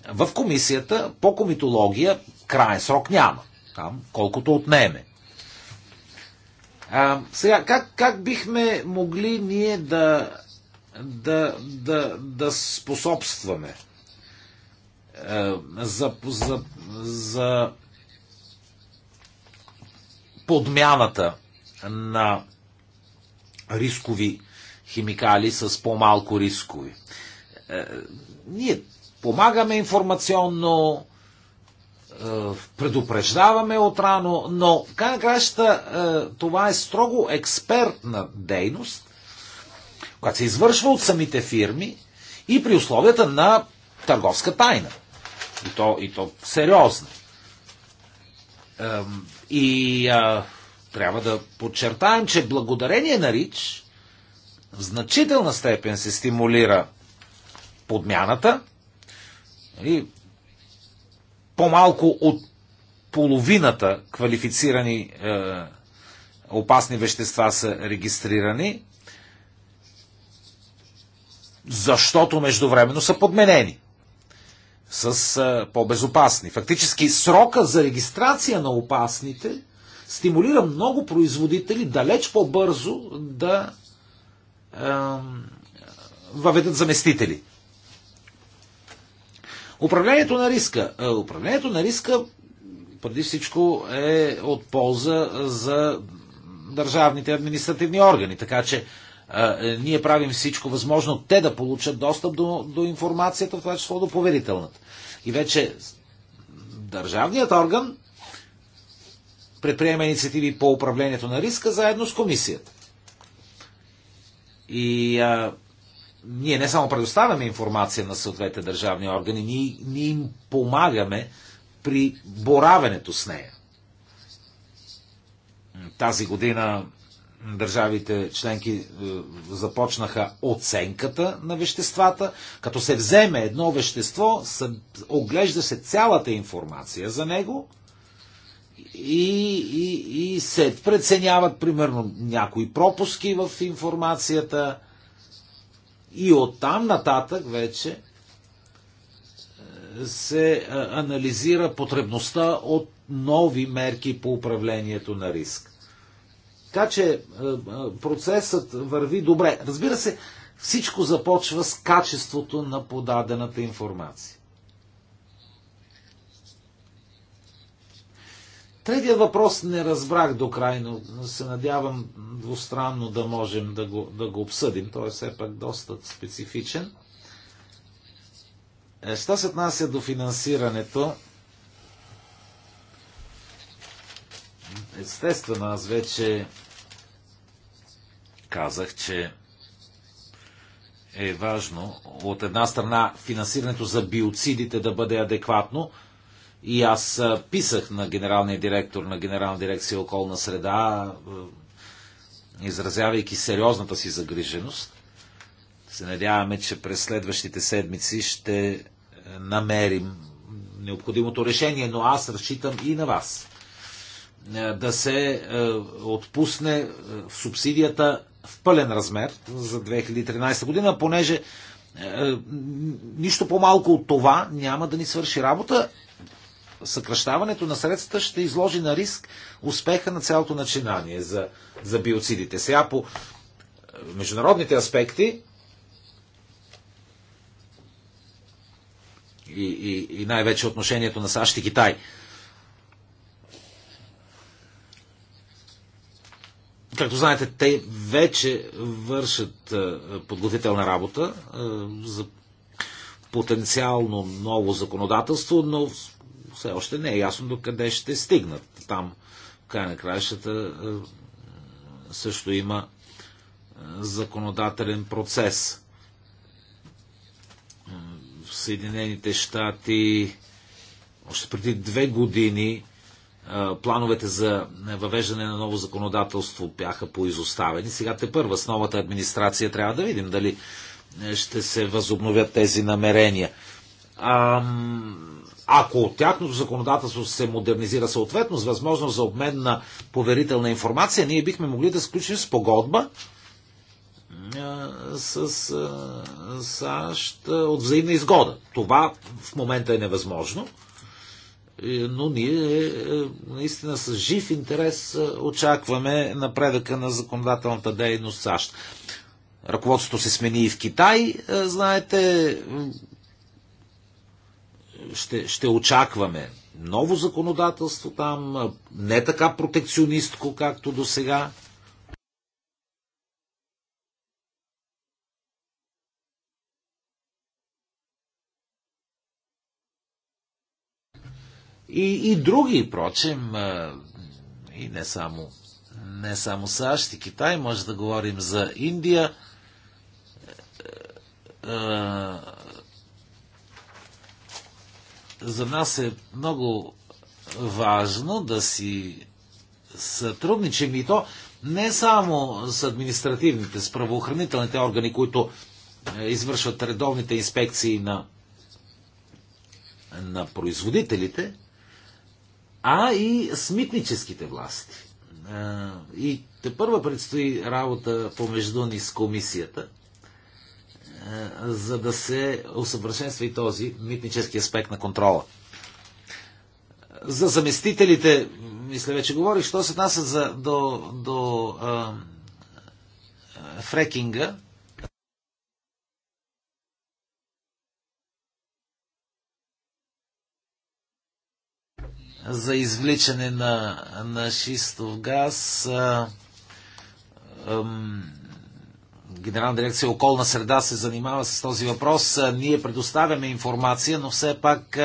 [SPEAKER 3] в комисията по комитология крайен срок няма. Там колкото отнеме. А, сега, как, как бихме могли ние да, да, да, да способстваме а, е, за, за, за подмяната на рискови химикали с по-малко рискови. Е, ние помагаме информационно, е, предупреждаваме отрано, но в край на краща е, това е строго експертна дейност, която се извършва от самите фирми и при условията на търговска тайна. И то, и то сериозно. И е, трябва да подчертаем, че благодарение на РИЧ в значителна степен се стимулира подмяната и по-малко от половината квалифицирани е, опасни вещества са регистрирани, защото междувременно са подменени с е, по-безопасни. Фактически срока за регистрация на опасните стимулира много производители далеч по-бързо да е, въведат заместители. Управлението на риска. Е, управлението на риска преди всичко е от полза за държавните административни органи, така че е, ние правим всичко възможно те да получат достъп до, до информацията, в това число до поверителната. И вече държавният орган предприема инициативи по управлението на риска заедно с комисията. И а, ние не само предоставяме информация на съответните държавни органи, ние, ние им помагаме при боравенето с нея. Тази година държавите членки е, започнаха оценката на веществата. Като се вземе едно вещество, оглежда се цялата информация за него и, и, и се преценяват, примерно, някои пропуски в информацията и оттам нататък вече е, се е, анализира потребността от нови мерки по управлението на риск. Така че е, процесът върви добре. Разбира се, всичко започва с качеството на подадената информация. Третия въпрос не разбрах до край, но се надявам двустранно да можем да го, да го обсъдим. Той е все пак доста специфичен. Е, що се отнася до финансирането, естествено, аз вече казах, че е важно от една страна финансирането за биоцидите да бъде адекватно – и аз писах на генералния директор на Генерална дирекция околна среда, изразявайки сериозната си загриженост. Се надяваме, че през следващите седмици ще е, намерим необходимото решение, но аз разчитам и на вас е, да се е, отпусне субсидията в пълен размер за 2013 година, понеже нищо по-малко от това няма да ни свърши работа съкръщаването на средствата ще изложи на риск успеха на цялото начинание за, за биоцидите. Сега по е, международните аспекти и, и, и най-вече отношението на САЩ и Китай. Както знаете, те вече вършат е, подготвителна работа е, за потенциално ново законодателство, но все още не е ясно до къде ще стигнат. Там, в край на краищата, е, също има е, законодателен процес. Е, в Съединените щати още преди две години плановете за въвеждане на ново законодателство бяха поизоставени. Сега те първа с новата администрация трябва да видим дали ще се възобновят тези намерения. Ам ако тяхното законодателство се модернизира съответно с възможност за обмен на поверителна информация, ние бихме могли да сключим спогодба с САЩ от взаимна изгода. Това в момента е невъзможно, но ние е, е, наистина с жив интерес е, очакваме напредъка на законодателната дейност САЩ. Ръководството се смени и в Китай, знаете, ще, ще очакваме ново законодателство там, не така протекционистко, както до сега. И, и други, прочим, и не само, не само САЩ и Китай, може да говорим за Индия за нас е много важно да си сътрудничим и то не само с административните, с правоохранителните органи, които е, извършват редовните инспекции на, на производителите, а и с митническите власти. Е, и те първа предстои работа помежду ни с комисията. Е, за да се усъвършенства и този митнически аспект на контрола. За заместителите, мисля, вече говорих, що се отнася за, до, до а, фрекинга, за извличане на, на шистов газ. А, Генерална дирекция околна среда се занимава с този въпрос. Ние предоставяме информация, но все пак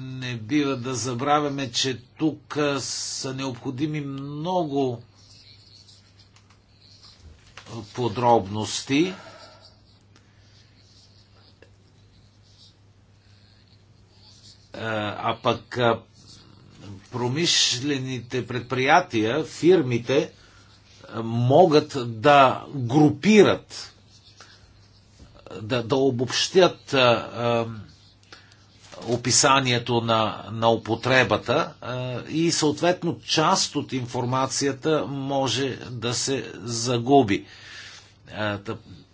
[SPEAKER 3] не бива да забравяме, че тук са необходими много подробности. А пък промишлените предприятия, фирмите е, могат да групират, да, да обобщят а, е, е, описанието на, на употребата а, и съответно част от информацията може да се загуби. А,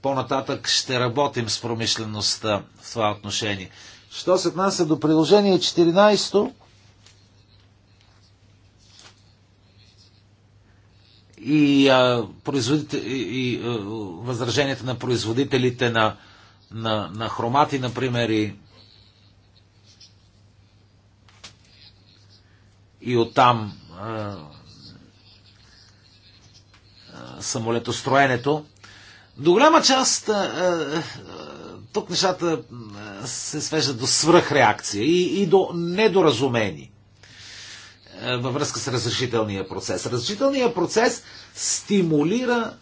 [SPEAKER 3] по-нататък ще работим с промишлеността в това отношение. Що се отнася до приложение 14 и, а, производител... и а, възраженията на производителите на, на, на хромати, например, и, и оттам а, самолетостроенето. До голяма част а, а, тук нещата се свеждат до свръхреакция и, и до недоразумени. Е, във връзка с разрешителния процес. Разрешителният процес стимулира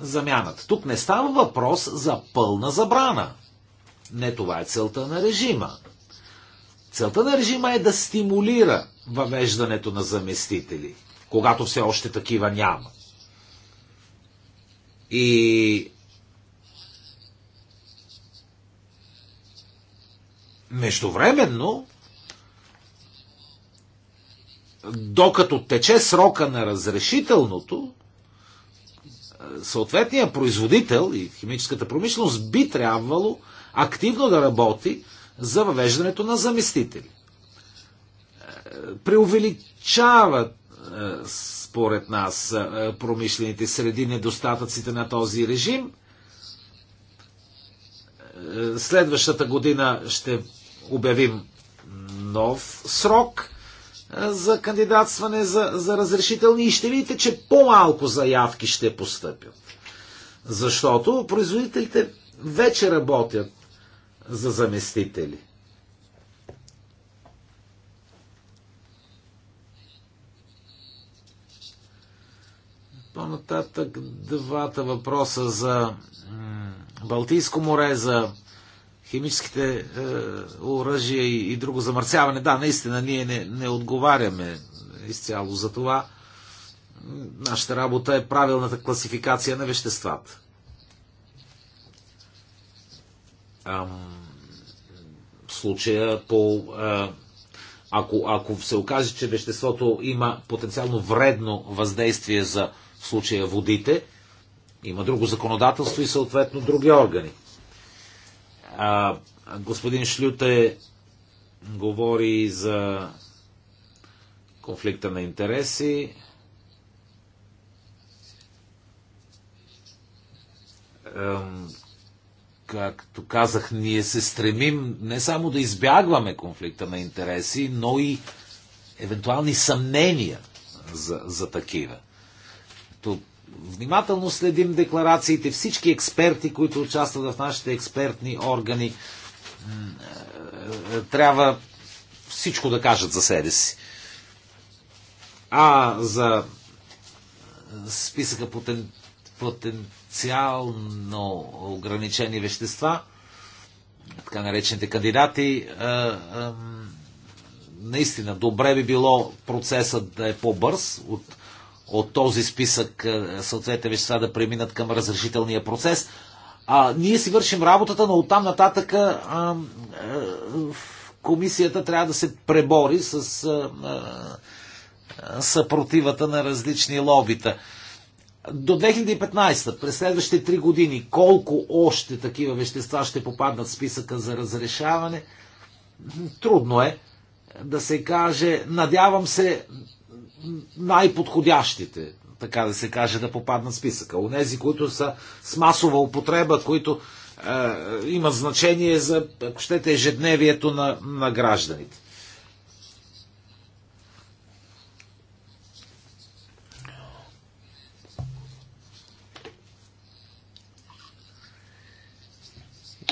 [SPEAKER 3] замяната. Тук не става въпрос за пълна забрана. Не това е целта на режима. Целта на режима е да стимулира въвеждането на заместители, когато все още такива няма. И междувременно докато тече срока на разрешителното, съответният производител и химическата промишленост би трябвало активно да работи за въвеждането на заместители. Преувеличават е, според нас е, промишлените среди недостатъците на този режим. Е, следващата година ще обявим нов срок – за кандидатстване за, за разрешителни и ще видите, че по-малко заявки ще поступят. Защото производителите вече работят за заместители. По-нататък двата въпроса за Балтийско море, за химическите е, оръжия и, и друго замърсяване. Да, наистина, ние не, не отговаряме изцяло за това. Нашата работа е правилната класификация на веществата. Ам, в случая по. А, е, ако, ако се окаже, че веществото има потенциално вредно въздействие за в случая водите, има друго законодателство и съответно други органи. А, господин Шлюте говори за конфликта на интереси. Както казах, ние се стремим не само да избягваме конфликта на интереси, но и евентуални съмнения за, за такива. Тук внимателно следим декларациите, всички експерти, които участват в нашите експертни органи, е, е, трябва всичко да кажат за себе си. А за е, списъка потен... потенциално ограничени вещества, така наречените кандидати, наистина добре би било процесът да е по-бърз от от този списък е, съответните вещества да преминат към разрешителния процес. А, ние си вършим работата, но оттам нататък а, е, а, е, комисията трябва да се пребори с а, а, съпротивата на различни лобита. До 2015, през следващите 3 години, колко още такива вещества ще попаднат в списъка за разрешаване, трудно е да се каже. Надявам се най-подходящите, така да се каже, да попаднат в списъка. Онези, които са с масова употреба, които е, имат значение за, ако щете, ежедневието на, на гражданите.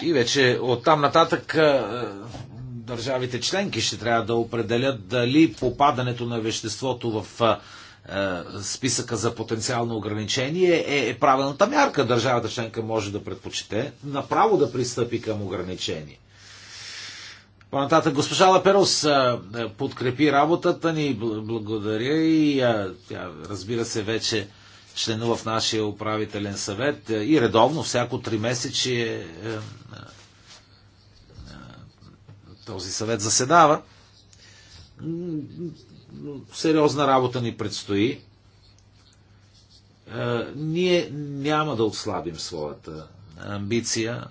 [SPEAKER 3] И вече оттам нататък е, държавите членки ще трябва да определят дали попадането на веществото в списъка за потенциално ограничение е, е правилната мярка. Държавата членка може да предпочете направо да пристъпи към ограничение. Понататък госпожа Лаперос подкрепи работата ни, благодаря и тя, разбира се, вече членува в нашия управителен съвет и редовно, всяко три месече е, този съвет заседава. Сериозна работа ни предстои. Е, ние няма да отслабим своята амбиция,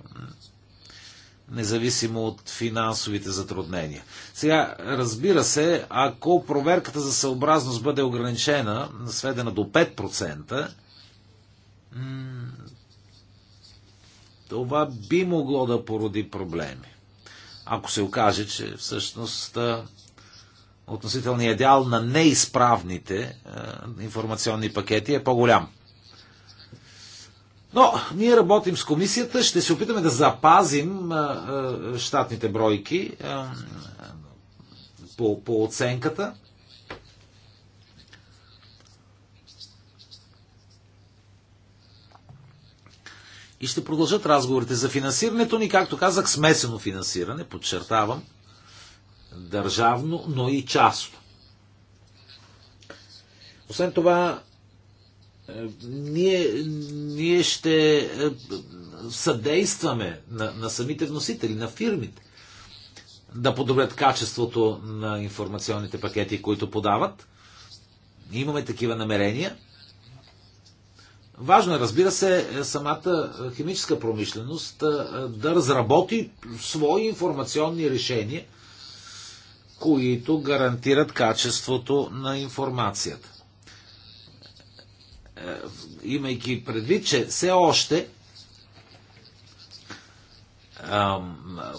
[SPEAKER 3] независимо от финансовите затруднения. Сега, разбира се, ако проверката за съобразност бъде ограничена, сведена до 5%, това би могло да породи проблеми ако се окаже, че всъщност относителният дял на неизправните информационни пакети е по-голям. Но ние работим с комисията, ще се опитаме да запазим щатните бройки по, по оценката. и ще продължат разговорите за финансирането ни, както казах, смесено финансиране, подчертавам, държавно, но и частно. Освен това, е, ние, ние ще е, съдействаме на, на самите вносители, на фирмите, да подобрят качеството на информационните пакети, които подават. Имаме такива намерения – Важно е, разбира се, е, самата химическа промишленост е, е, да разработи свои информационни решения, които гарантират качеството на информацията. Имайки предвид, че все още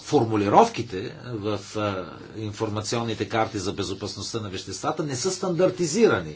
[SPEAKER 3] формулировките в информационните карти за безопасността на веществата не са стандартизирани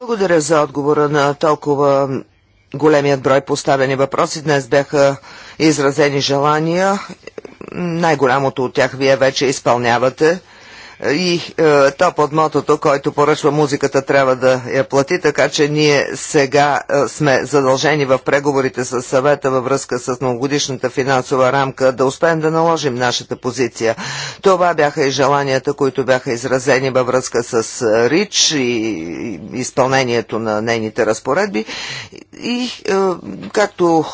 [SPEAKER 2] Благодаря за отговора на толкова големият брой поставени въпроси. Днес бяха изразени желания. Най-голямото от тях вие вече изпълнявате и е, то под мотото, който поръчва музиката, трябва да я плати, така че ние сега е, сме задължени в преговорите с съвета във връзка с многогодишната финансова рамка да успеем да наложим нашата позиция. Това бяха и желанията, които бяха изразени във връзка с е, РИЧ и, изпълнението на нейните разпоредби. И, е, както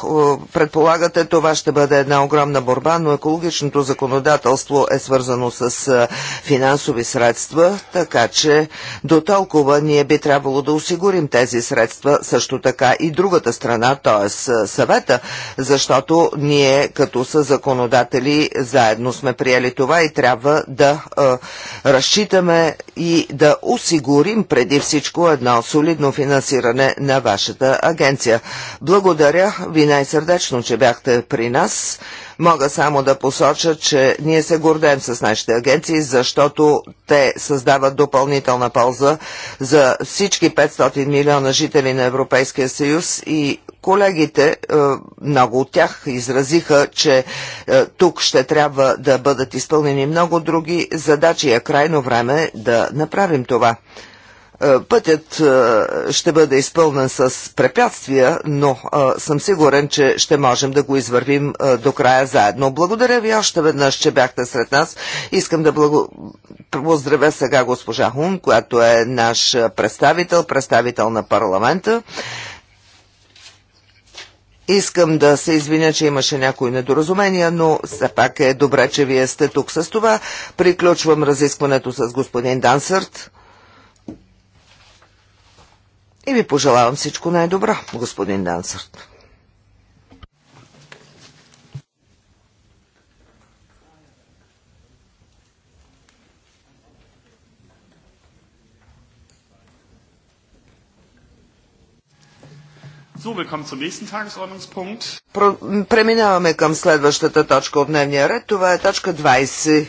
[SPEAKER 2] е, предполагате, това ще бъде една огромна борба, но екологичното законодателство е свързано с е, финансовата финансови средства, така че до толкова ние би трябвало да осигурим тези средства също така и другата страна, т.е. съвета, защото ние като са законодатели заедно сме приели това и трябва да е, разчитаме и да осигурим преди всичко едно солидно финансиране на вашата агенция. Благодаря ви най-сърдечно, че бяхте при нас. Мога само да посоча, че ние се гордем с нашите агенции, защото те създават допълнителна полза за всички 500 милиона жители на Европейския съюз и колегите, е, много от тях изразиха, че е, тук ще трябва да бъдат изпълнени много други задачи, а крайно време е да направим това. Е, пътят е, ще бъде изпълнен с препятствия, но е, съм сигурен, че ще можем да го извървим до края заедно. Благодаря ви още веднъж, че бяхте сред нас. Искам да благо... поздравя сега госпожа Хун, която е наш представител, представител на парламента. Искам да се извиня, че имаше някои недоразумения, но все пак е добре, че вие сте тук с това. Приключвам разискването с господин Дансърт. И ви пожелавам всичко най-добро, господин Дансърт. Преминаваме към следващата точка от дневния ред. Това е точка 20.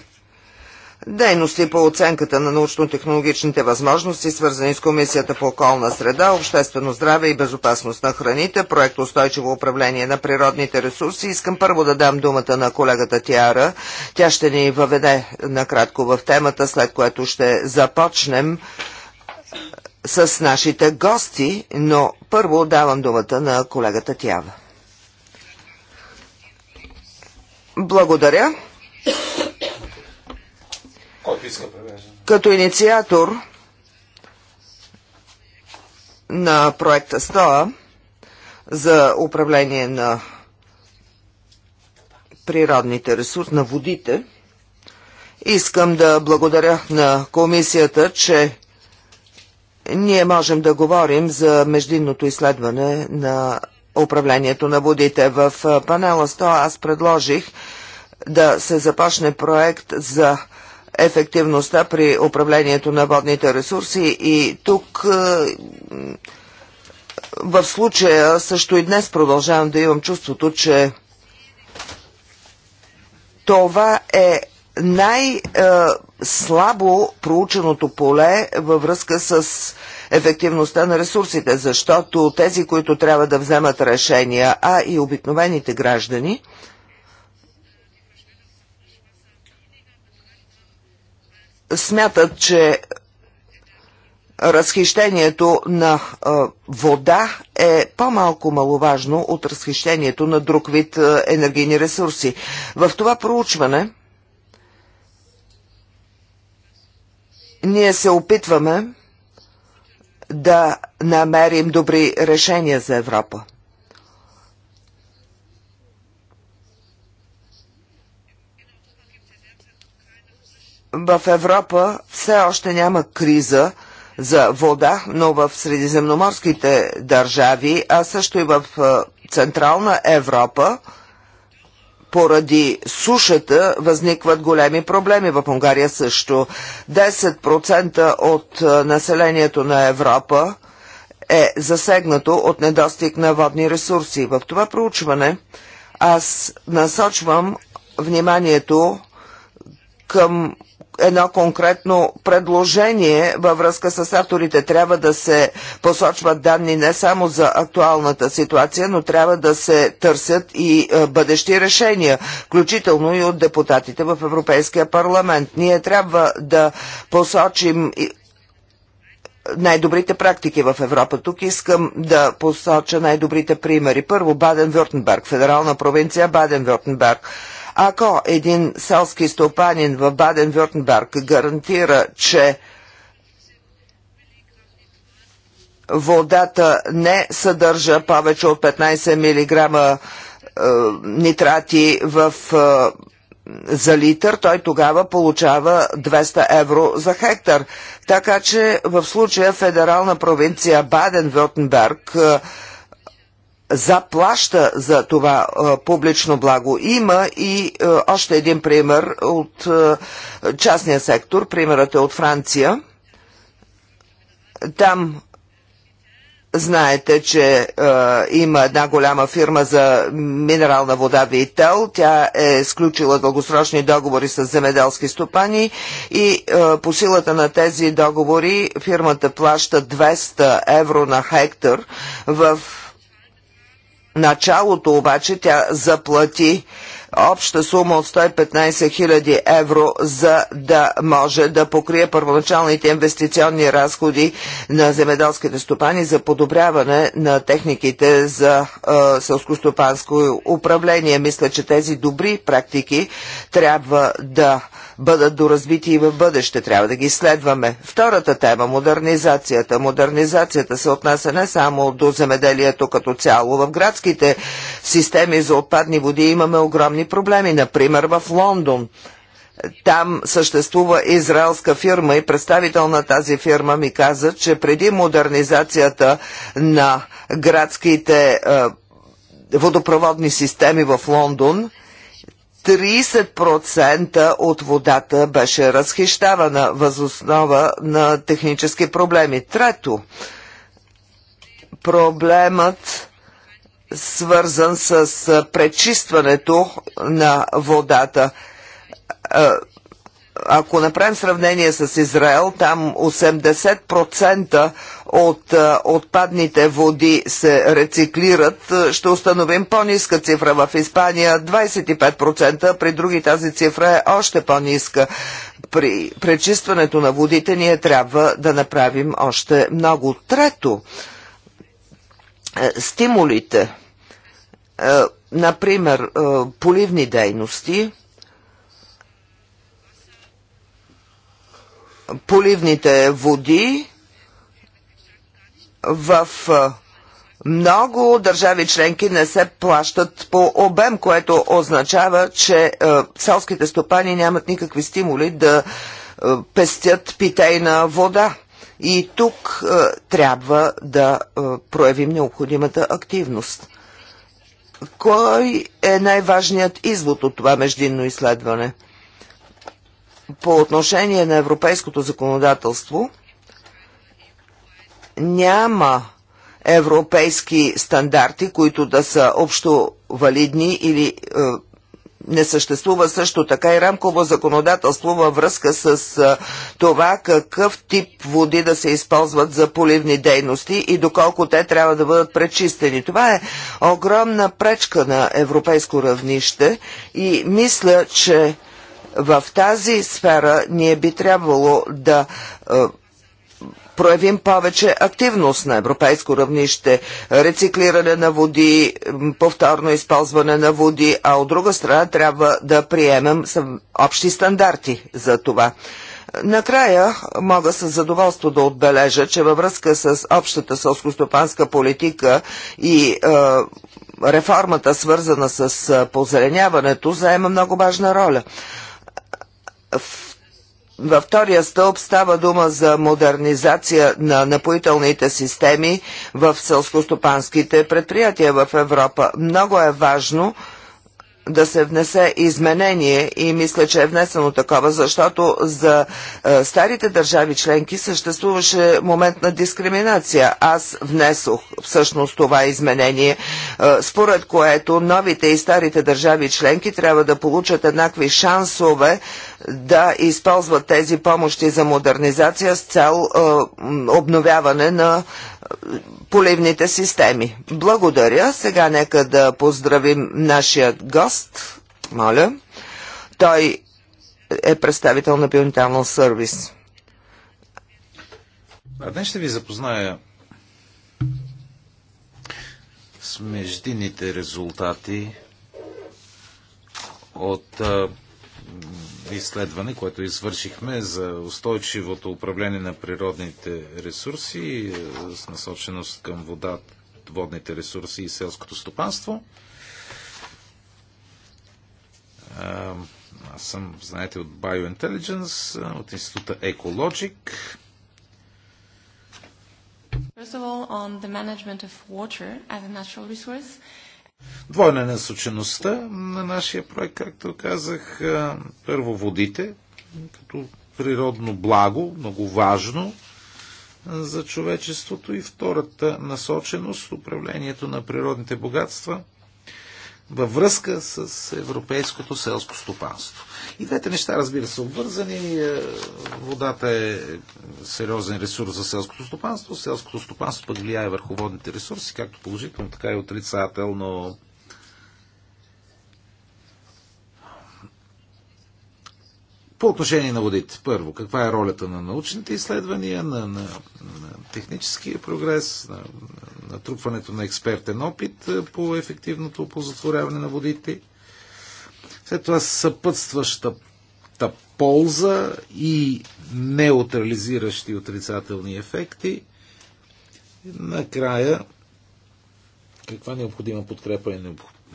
[SPEAKER 2] Дейности по оценката на научно-технологичните възможности, свързани с Комисията по околна среда, обществено здраве и безопасност на храните, проект Устойчиво управление на природните ресурси. Искам първо да дам думата на колегата Тиара. Тя ще ни въведе накратко в темата, след което ще започнем с нашите гости, но първо давам думата на колегата Тява. Благодаря. Който иска Като инициатор на проекта СТОА за управление на природните ресурси, на водите, искам да благодаря на комисията, че ние можем да говорим за междинното изследване на управлението на водите. В панела 100 аз предложих да се започне проект за ефективността при управлението на водните ресурси и тук е, в случая също и днес продължавам да имам чувството, че това е най-слабо проученото поле във връзка с ефективността на ресурсите, защото тези, които трябва да вземат решения, а и обикновените граждани – смятат, че разхищението на вода е по-малко маловажно от разхищението на друг вид енергийни ресурси. В това проучване ние се опитваме да намерим добри решения за Европа. в Европа все още няма криза за вода, но в средиземноморските държави, а също и в е, Централна Европа, поради сушата възникват големи проблеми. В Унгария също 10% от е, населението на Европа е засегнато от недостиг на водни ресурси. В това проучване аз насочвам вниманието към едно конкретно предложение във връзка с авторите. Трябва да се посочват данни не само за актуалната ситуация, но трябва да се търсят и е, бъдещи решения, включително и от депутатите в Европейския парламент. Ние трябва да посочим най-добрите практики в Европа. Тук искам да посоча най-добрите примери. Първо, Баден-Вюртенберг, федерална провинция Баден-Вюртенберг. Ако един селски стопанин в Баден-Вюртенберг гарантира, че водата не съдържа повече от 15 мг е, нитрати в е, за литър, той тогава получава 200 евро за хектар. Така че в случая федерална провинция баден е, заплаща за това а, публично благо. Има и а, още един пример от а, частния сектор. Примерът е от Франция. Там Знаете, че а, има една голяма фирма за минерална вода Вител. Тя е сключила дългосрочни договори с земеделски стопани и а, по силата на тези договори фирмата плаща 200 евро на хектар в началото обаче тя заплати обща сума от 115 000 евро, за да може да покрие първоначалните инвестиционни разходи на земеделските стопани за подобряване на техниките за е, селско-стопанско управление. Мисля, че тези добри практики трябва да бъдат доразвити и в бъдеще. Трябва да ги следваме. Втората тема – модернизацията. Модернизацията се отнася не само до земеделието като цяло. В градските системи за отпадни води имаме огромни проблеми. Например, в Лондон. Там съществува израелска фирма и представител на тази фирма ми каза, че преди модернизацията на градските е, водопроводни системи в Лондон – 30% от водата беше разхищавана възоснова на технически проблеми. Трето, проблемът свързан с пречистването на водата ако направим сравнение с Израел, там 80% от отпадните води се рециклират, ще установим по-ниска цифра в Испания 25%, при други тази цифра е още по-ниска. При пречистването на водите ние трябва да направим още много. Трето, е, стимулите, е, например, е, поливни дейности – поливните води в много държави членки не се плащат по обем, което означава, че е, селските стопани нямат никакви стимули да е, пестят питейна вода. И тук е, трябва да е, проявим необходимата активност. Кой е най-важният извод от това междинно изследване? по отношение на европейското законодателство няма европейски стандарти, които да са общо валидни или е, не съществува също така и рамково законодателство във връзка с е, това какъв тип води да се използват за поливни дейности и доколко те трябва да бъдат пречистени. Това е огромна пречка на европейско равнище и мисля, че в тази сфера ние би трябвало да е, проявим повече активност на европейско равнище, рециклиране на води, повторно използване на води, а от друга страна трябва да приемем общи стандарти за това. Накрая мога с задоволство да отбележа, че във връзка с общата сълскостопанска политика и е, реформата свързана с е, позеленяването заема много важна роля във втория стълб става дума за модернизация на напоителните системи в селскостопанските предприятия в Европа. Много е важно – да се внесе изменение и мисля, че е внесено такова, защото за е, старите държави членки съществуваше момент на дискриминация. Аз внесох всъщност това изменение, е, според което новите и старите държави членки трябва да получат еднакви шансове да използват тези помощи за модернизация с цел е, обновяване на е, поливните системи. Благодаря. Сега нека да поздравим нашия гост. Моля. Той е представител на Biointermal сервис. А днес ще ви
[SPEAKER 3] запозная с междинните резултати от изследване, което извършихме за устойчивото управление на природните ресурси е, с насоченост към водата, водните ресурси и селското стопанство. Е, аз съм, знаете, от BioIntelligence, е, от института Ecologic.
[SPEAKER 1] First of all, on the management of water as a natural resource,
[SPEAKER 3] Двойна е насочеността на нашия проект, както казах. Първо водите, като природно благо, много важно за човечеството и втората насоченост управлението на природните богатства във връзка с европейското селско стопанство. И двете неща, разбира се, обвързани. Е, водата е сериозен ресурс за селското стопанство. Селското стопанство пък влияе върху водните ресурси, както положително, така и отрицателно. По отношение на водите, първо, каква е ролята на научните изследвания, на, на, на техническия прогрес, на, на натрупването на експертен опит е, по ефективното оползотворяване на водите – след това съпътстващата полза и неутрализиращи отрицателни ефекти. накрая, каква необходима подкрепа е,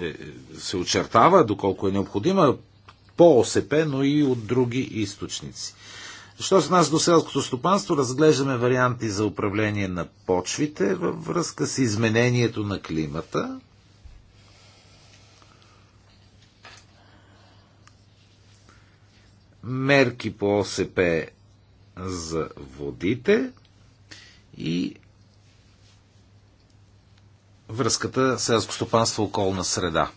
[SPEAKER 3] е се очертава, доколко е необходима по ОСП, но и от други източници. Що с нас до селското стопанство, разглеждаме варианти за управление на почвите във връзка с изменението на климата, мерки по ОСП за водите и връзката селско стопанство околна среда.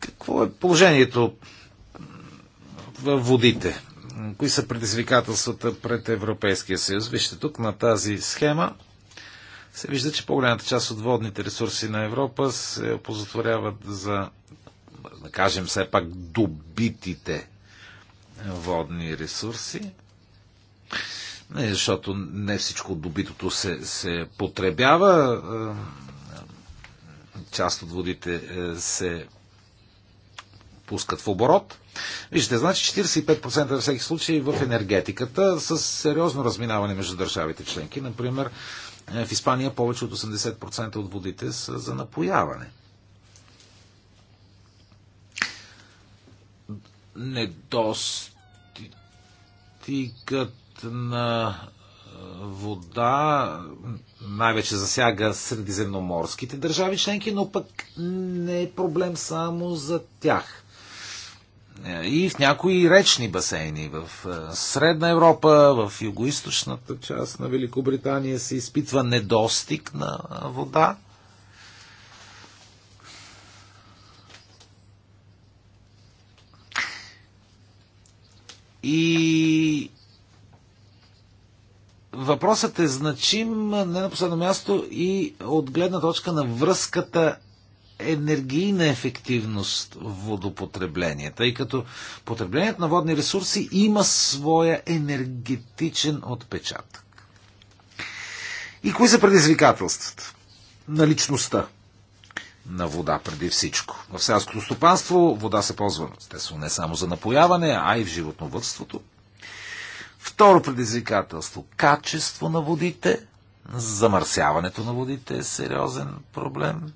[SPEAKER 3] Какво е положението във водите? Кои са предизвикателствата пред Европейския съюз? Вижте тук на тази схема се вижда, че по-голямата част от водните ресурси на Европа се опозотворяват за да кажем все пак, добитите водни ресурси. Не, защото не всичко от добитото се, се потребява. Част от водите е, се пускат в оборот. Вижте, значи 45% във всеки случай в енергетиката с сериозно разминаване между държавите членки. Например, е, в Испания повече от 80% от водите са за напояване. недостигът на вода най-вече засяга средиземноморските държави членки, но пък не е проблем само за тях. И в някои речни басейни в Средна Европа, в югоисточната част на Великобритания се изпитва недостиг на вода. И въпросът е значим не на последно място и от гледна точка на връзката енергийна ефективност в водопотребление, тъй като потреблението на водни ресурси има своя енергетичен отпечатък. И кои са предизвикателствата на личността? на вода преди всичко. В селското стопанство вода се ползва, естествено, не само за напояване, а и в животновътството. Второ предизвикателство – качество на водите. Замърсяването на водите е сериозен проблем.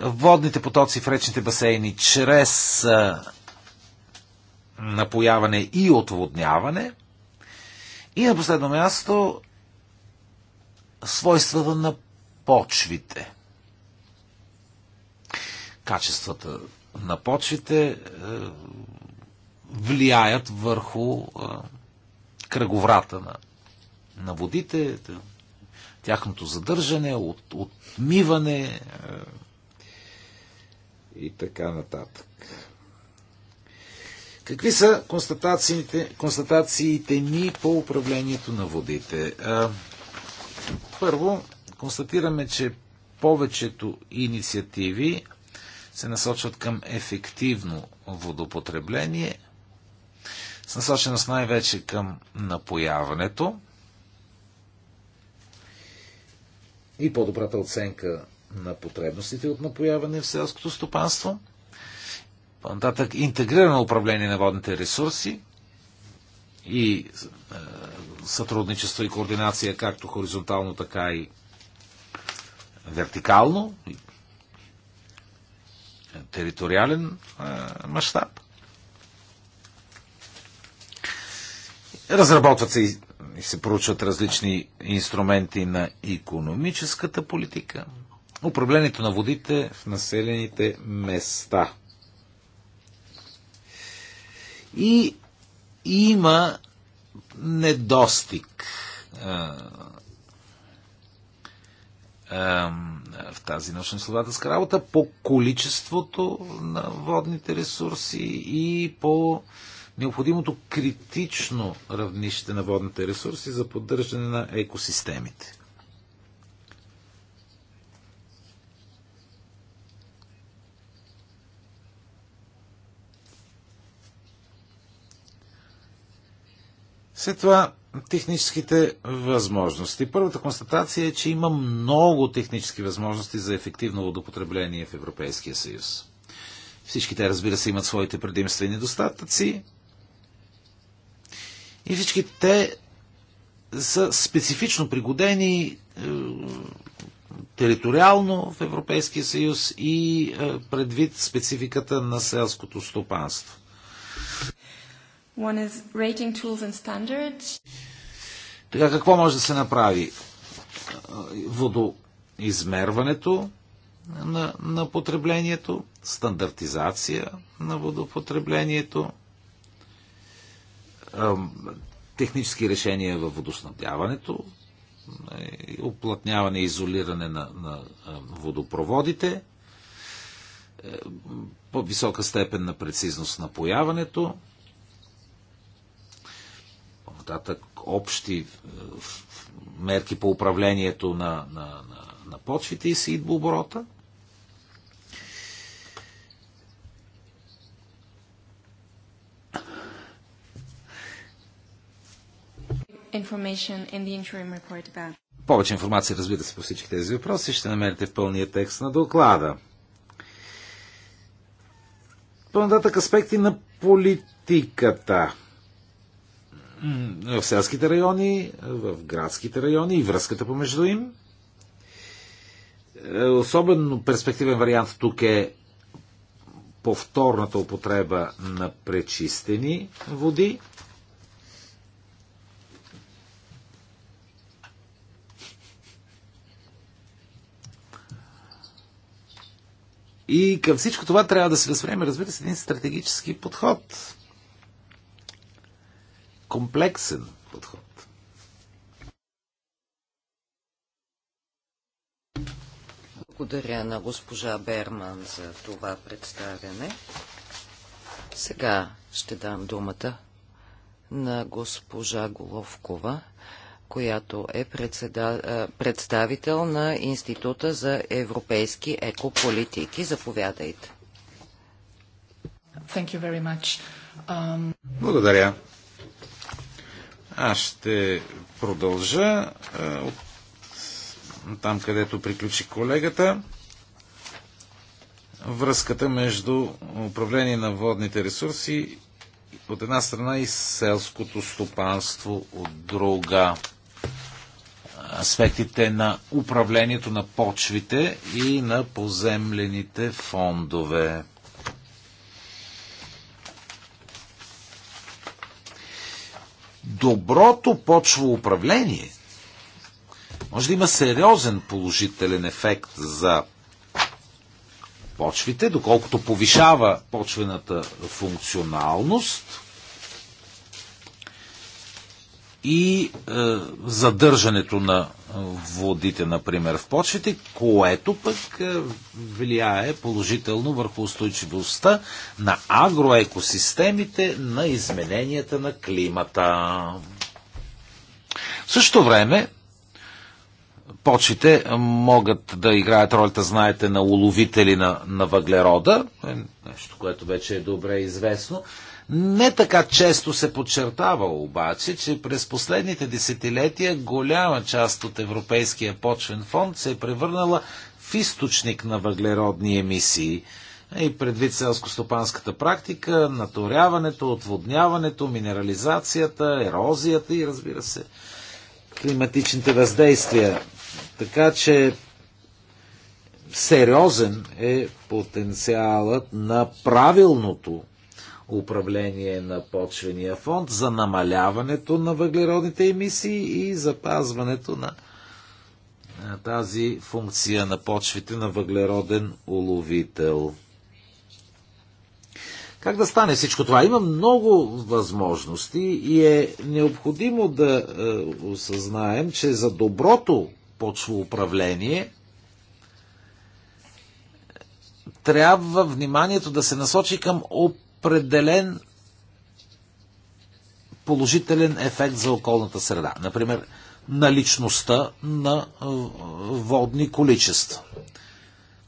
[SPEAKER 3] Водните потоци в речните басейни чрез напояване и отводняване. И на последно място свойствата на почвите. Качествата на почвите е, влияят върху е, кръговрата на, на водите, тяхното задържане, от, отмиване е, и така нататък. Какви са констатациите, констатациите ни по управлението на водите? Първо, констатираме, че повечето инициативи се насочват към ефективно водопотребление, с насоченост най-вече към напояването и по-добрата оценка на потребностите от напояване в селското стопанство. Нататък интегрирано управление на водните ресурси и е, сътрудничество и координация както хоризонтално, така и вертикално, териториален е, мащаб. Разработват се и, и се проучват различни инструменти на економическата политика, управлението на водите в населените места. И има недостиг е, в тази научно-изследователска работа по количеството на водните ресурси и по необходимото критично равнище на водните ресурси за поддържане на екосистемите. След това техническите възможности. Първата констатация е, че има много технически възможности за ефективно водопотребление в Европейския съюз. Всички те, разбира се, имат своите предимства и недостатъци. И всички те са специфично пригодени е, териториално в Европейския съюз и е, предвид спецификата на селското стопанство.
[SPEAKER 1] One is rating tools and standards.
[SPEAKER 3] Така, какво може да се направи? Водоизмерването на, на потреблението, стандартизация на водопотреблението, технически решения във водоснабдяването, оплътняване и изолиране на, на водопроводите, е, по-висока степен на прецизност на появането, нататък общи е, мерки по управлението на, на, на, на почвите и сидбооборота. Повече информация, разбира се, по всички тези въпроси ще намерите в пълния текст на доклада. По-нататък аспекти на политиката в селските райони, в градските райони и връзката помежду им. Е, особено перспективен вариант тук е повторната употреба на пречистени води. И към всичко това трябва да се възприеме, разбира се, един стратегически подход комплексен подход.
[SPEAKER 4] Благодаря на госпожа Берман за това представяне. Сега ще дам думата на госпожа Головкова, която е представител на Института за европейски екополитики. Заповядайте.
[SPEAKER 1] Um, Благодаря.
[SPEAKER 3] Аз ще продължа е, от там, където приключи колегата. Връзката между управление на водните ресурси от една страна и селското стопанство от друга. Аспектите на управлението на почвите и на поземлените фондове. доброто почво управление може да има сериозен положителен ефект за почвите, доколкото повишава почвената функционалност – и е, задържането на е, водите, например, в почвите, което пък е, влияе положително върху устойчивостта на агроекосистемите на измененията на климата. В същото време, почвите могат да играят ролята, знаете, на уловители на, на въглерода, е, нещо, което вече е добре известно, не така често се подчертава обаче, че през последните десетилетия голяма част от Европейския почвен фонд се е превърнала в източник на въглеродни емисии. И предвид селско-стопанската практика, наторяването, отводняването, минерализацията, ерозията и разбира се, климатичните въздействия. Така че сериозен е потенциалът на правилното управление на почвения фонд, за намаляването на въглеродните емисии и запазването на тази функция на почвите на въглероден уловител. Как да стане всичко това? Има много възможности и е необходимо да е, осъзнаем, че за доброто почвоуправление трябва вниманието да се насочи към оп определен положителен ефект за околната среда. Например, наличността на е, водни количества,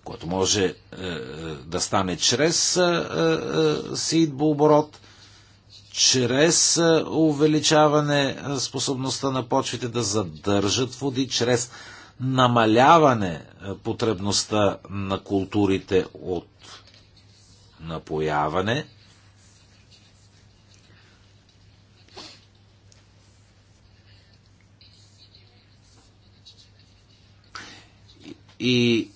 [SPEAKER 3] което може е, да стане чрез е, е, сидбооборот, чрез е, увеличаване е, способността на почвите да задържат води, чрез намаляване потребността на културите от напояване – И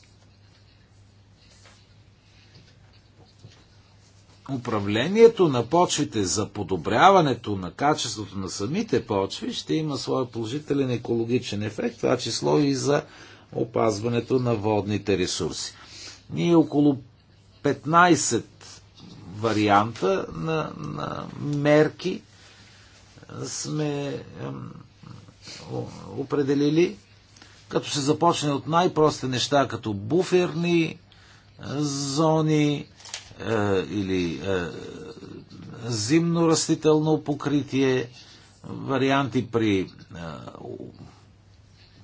[SPEAKER 3] управлението на почвите за подобряването на качеството на самите почви ще има своя положителен екологичен ефект, това число и за опазването на водните ресурси. Ние около 15 варианта на, на мерки сме определили като се започне от най-прости неща, като буферни е, зони е, или е, зимно растително покритие, варианти при е,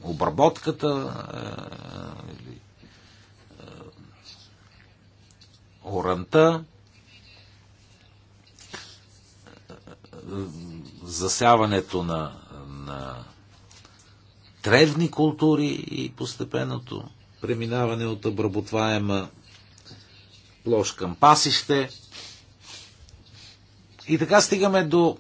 [SPEAKER 3] обработката е, или е, оранта, е, е, засяването на, на древни култури и постепенното преминаване от обработваема площ към пасище. И така стигаме до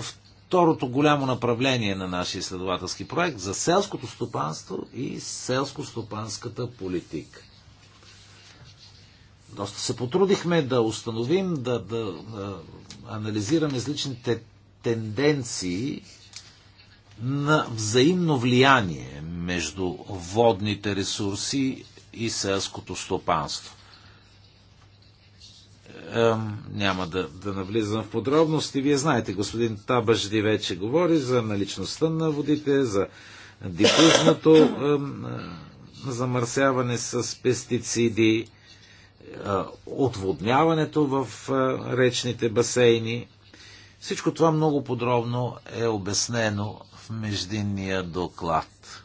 [SPEAKER 3] второто голямо направление на нашия изследователски проект за селското стопанство и селско-стопанската политика. Доста се потрудихме да установим, да, да, да анализираме различните тенденции на взаимно влияние между водните ресурси и селското стопанство. Ем, няма да, да навлизам в подробности. Вие знаете, господин Табажди вече говори за наличността на водите, за дифузното ем, е, замърсяване с пестициди, е, отводняването в е, речните басейни. Всичко това много подробно е обяснено междинния доклад.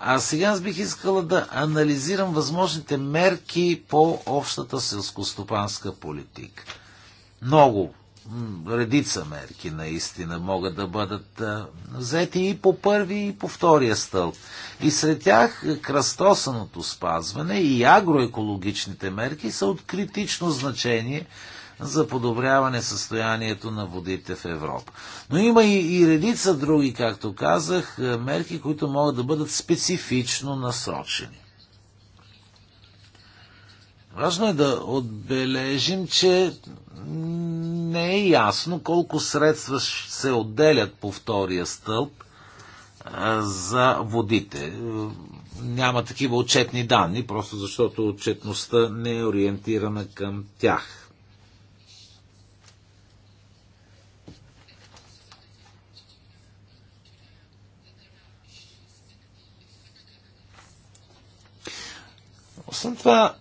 [SPEAKER 3] А сега аз бих искала да анализирам възможните мерки по общата селскостопанска политика. Много, редица мерки наистина могат да бъдат взети и по първи, и по втория стълб. И сред тях кръстосаното спазване и агроекологичните мерки са от критично значение – за подобряване състоянието на водите в Европа. Но има и, и редица други, както казах, е, мерки, които могат да бъдат специфично насочени. Важно е да отбележим, че не е ясно колко средства се отделят по втория стълб е, за водите. Няма такива отчетни данни, просто защото отчетността не е ориентирана към тях. Освен това,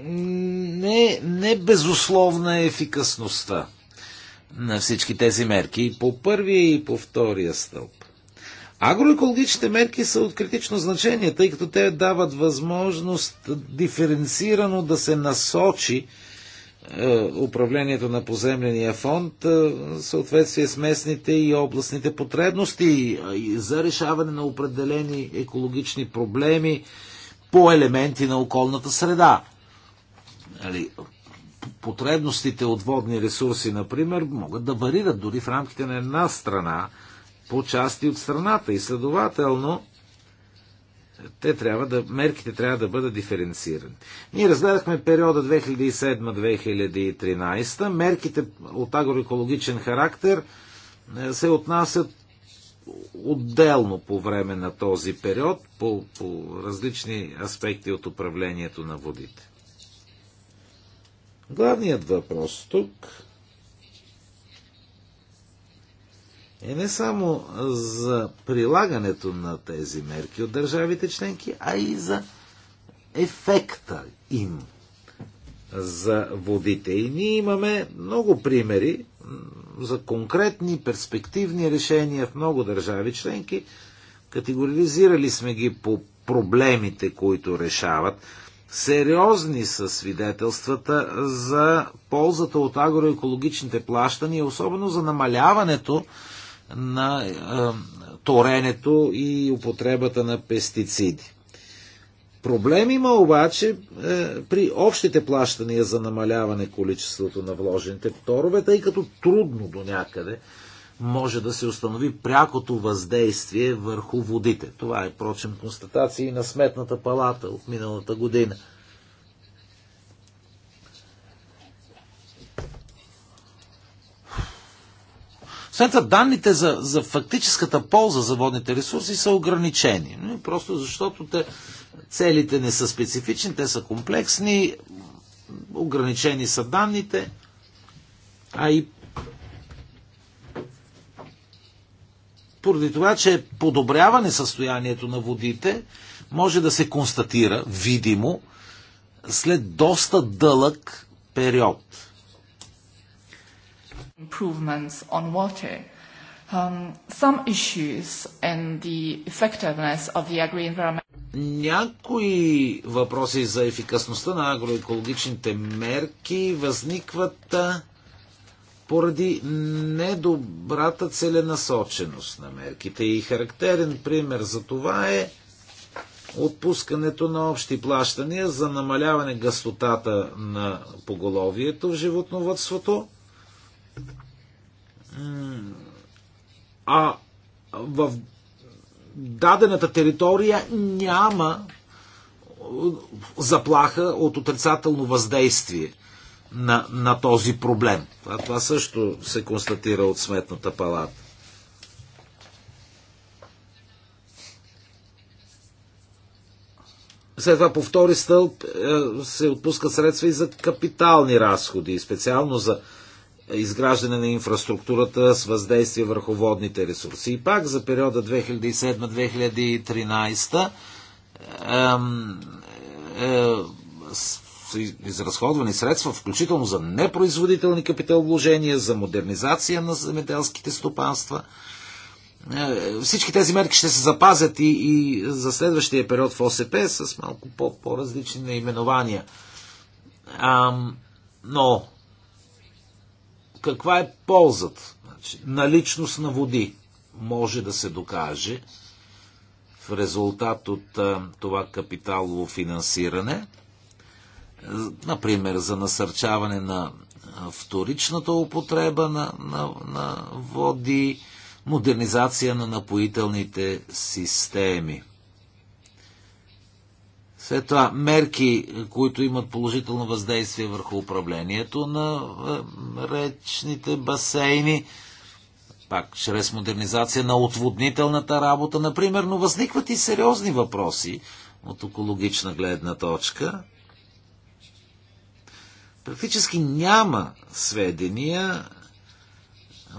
[SPEAKER 3] не, не безусловна е ефикасността на всички тези мерки и по първия и по втория стълб. Агроекологичните мерки са от критично значение, тъй като те дават възможност диференцирано да се насочи е, управлението на поземления фонд е, в съответствие с местните и областните потребности за решаване на определени екологични проблеми по елементи на околната среда. Нали, потребностите от водни ресурси, например, могат да варират дори в рамките на една страна по части от страната и следователно те трябва да, мерките трябва да бъдат диференцирани. Ние разгледахме периода 2007-2013. Мерките от агроекологичен характер е, се отнасят отделно по време на този период по, по различни аспекти от управлението на водите. Главният въпрос тук е не само за прилагането на тези мерки от държавите членки, а и за ефекта им за водите. И ние имаме много примери за конкретни перспективни решения в много държави членки. Категоризирали сме ги по проблемите, които решават. Сериозни са свидетелствата за ползата от агроекологичните плащания, особено за намаляването на е, торенето и употребата на пестициди. Проблем има обаче е, при общите плащания за намаляване количеството на вложените торове, тъй като трудно до някъде може да се установи прякото въздействие върху водите. Това е, прочим, констатации на Сметната палата от миналата година – Освен това, данните за, за фактическата полза за водните ресурси са ограничени. Просто защото те, целите не са специфични, те са комплексни, ограничени са данните, а и поради това, че е подобряване състоянието на водите може да се констатира видимо след доста дълъг период
[SPEAKER 1] improvements on water. Um, some issues and the effectiveness of the agri-environment
[SPEAKER 3] някои въпроси за ефикасността на агроекологичните мерки възникват поради недобрата целенасоченост на мерките. И характерен пример за това е отпускането на общи плащания за намаляване гъстотата на поголовието в животновътството а в дадената територия няма заплаха от отрицателно въздействие на, на този проблем. Това, това също се констатира от Сметната палата. След това по втори стълб е, се отпускат средства и за капитални разходи, специално за изграждане на инфраструктурата с въздействие върху водните ресурси. И пак за периода 2007-2013 е, са изразходвани средства, включително за непроизводителни капиталовложения, за модернизация на земеделските стопанства. Е, всички тези мерки ще се запазят и, и за следващия период в ОСП с малко по-различни -по наименования. Ам, но каква е ползата? Значи, наличност на води може да се докаже в резултат от а, това капиталово финансиране, например за насърчаване на вторичната употреба на, на, на води, модернизация на напоителните системи. След това мерки, които имат положително въздействие върху управлението на речните басейни, пак чрез модернизация на отводнителната работа, например, но възникват и сериозни въпроси от екологична гледна точка. Практически няма сведения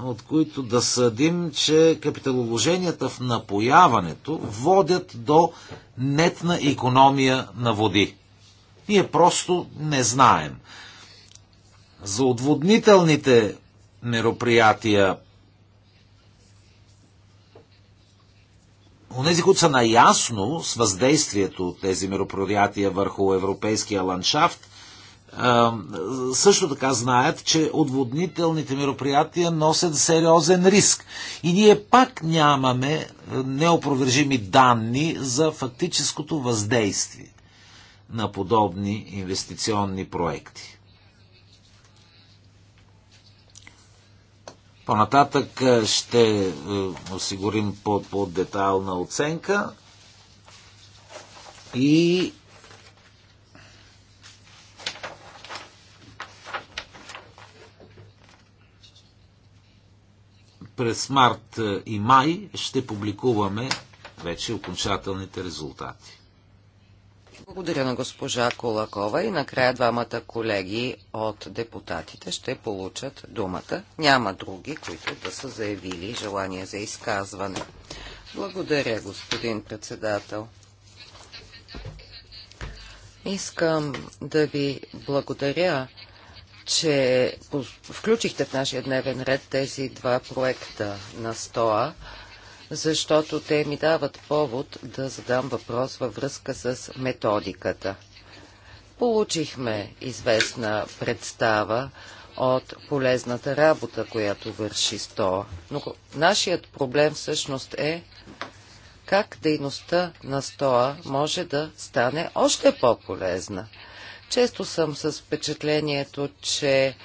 [SPEAKER 3] от които да съдим, че капиталовложенията в напояването водят до нетна економия на води. Ние просто не знаем. За отводнителните мероприятия Онези, които са наясно с въздействието от тези мероприятия върху европейския ландшафт, също така знаят, че отводнителните мероприятия носят сериозен риск. И ние пак нямаме е, неопровержими данни за фактическото въздействие на подобни инвестиционни проекти. По-нататък е, ще е, осигурим по-детайлна оценка и През март е, и май ще публикуваме вече окончателните резултати.
[SPEAKER 4] Благодаря на госпожа Колакова и накрая двамата колеги от депутатите ще получат думата. Няма други, които да са заявили желание за изказване. Благодаря, господин председател. Искам да ви благодаря че включихте в нашия дневен ред тези два проекта на СТОА, защото те ми дават повод да задам въпрос във връзка с методиката. Получихме известна представа от полезната работа, която върши СТОА. Но нашият проблем всъщност е как дейността на СТОА може да стане още по-полезна – често съм с впечатлението, че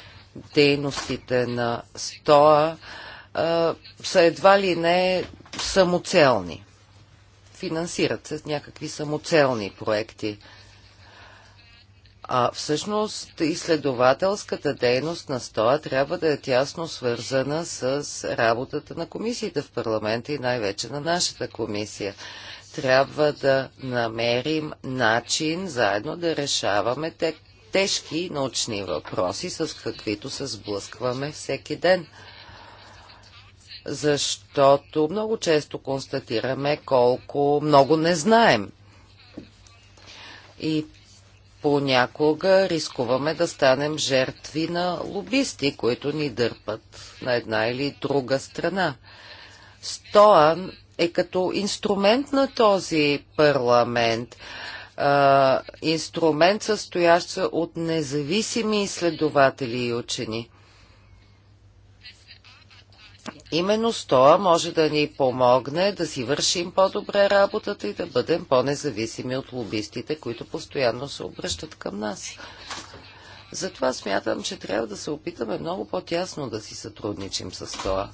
[SPEAKER 4] дейностите на СТОА а, са едва ли не самоцелни. Финансират се някакви самоцелни проекти. А всъщност изследователската дейност на СТОА трябва да е тясно свързана с работата на комисиите в парламента и най-вече на нашата комисия трябва да намерим начин заедно да решаваме те, тежки научни въпроси, с каквито се сблъскваме всеки ден. Защото много често констатираме колко много не знаем. И понякога рискуваме да станем жертви на лобисти, които ни дърпат на една или друга страна. Стоан е като инструмент на този парламент. А, инструмент състоящ се от независими изследователи и учени. Именно това може да ни помогне да си вършим по-добре работата и да бъдем по-независими от лобистите, които постоянно се обръщат към нас. Затова смятам, че трябва да се опитаме много по-тясно да си сътрудничим с това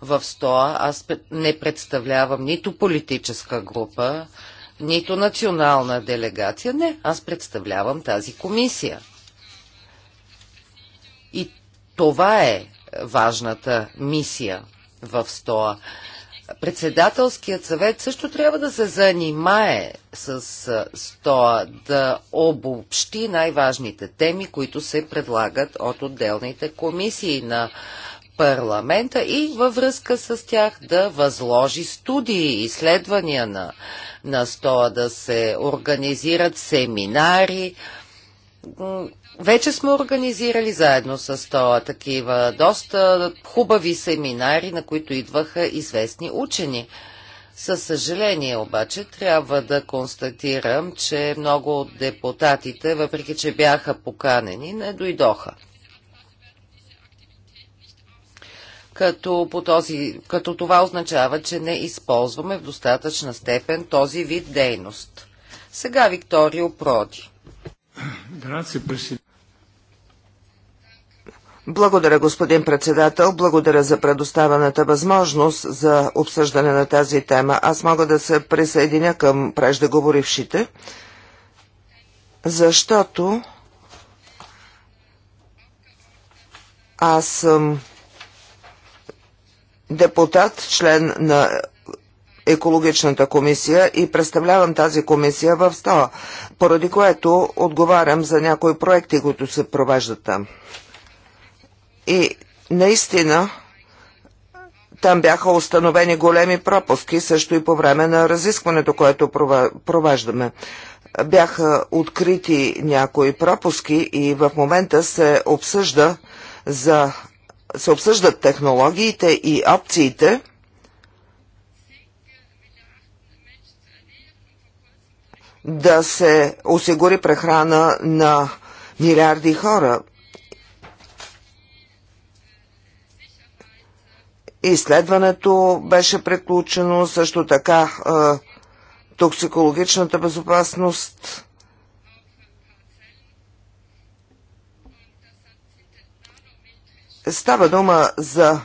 [SPEAKER 4] в СТОА. Аз не представлявам нито политическа група, нито национална делегация. Не, аз представлявам тази комисия. И това е важната мисия в СТОА. Председателският съвет също трябва да се занимае с СТОА, да обобщи най-важните теми, които се предлагат от отделните комисии на парламента и във връзка с тях да възложи студии, изследвания на, на стола, да се организират семинари. Вече сме организирали заедно с стола такива доста хубави семинари, на които идваха известни учени. Със съжаление обаче трябва да констатирам, че много от депутатите, въпреки че бяха поканени, не дойдоха. като, по този, като това означава, че не използваме в достатъчна степен този вид дейност. Сега Викторио Проди.
[SPEAKER 2] Благодаря, господин председател. Благодаря за предоставената възможност за обсъждане на тази тема. Аз мога да се присъединя към преждеговорившите, защото аз съм депутат, член на екологичната комисия и представлявам тази комисия в СТОА, поради което отговарям за някои проекти, които се провеждат там. И наистина там бяха установени големи пропуски, също и по време на разискването, което провеждаме. Бяха открити някои пропуски и в момента се обсъжда за се обсъждат технологиите и опциите, да се осигури прехрана на милиарди хора. Изследването беше приключено, също така токсикологичната безопасност Става дума за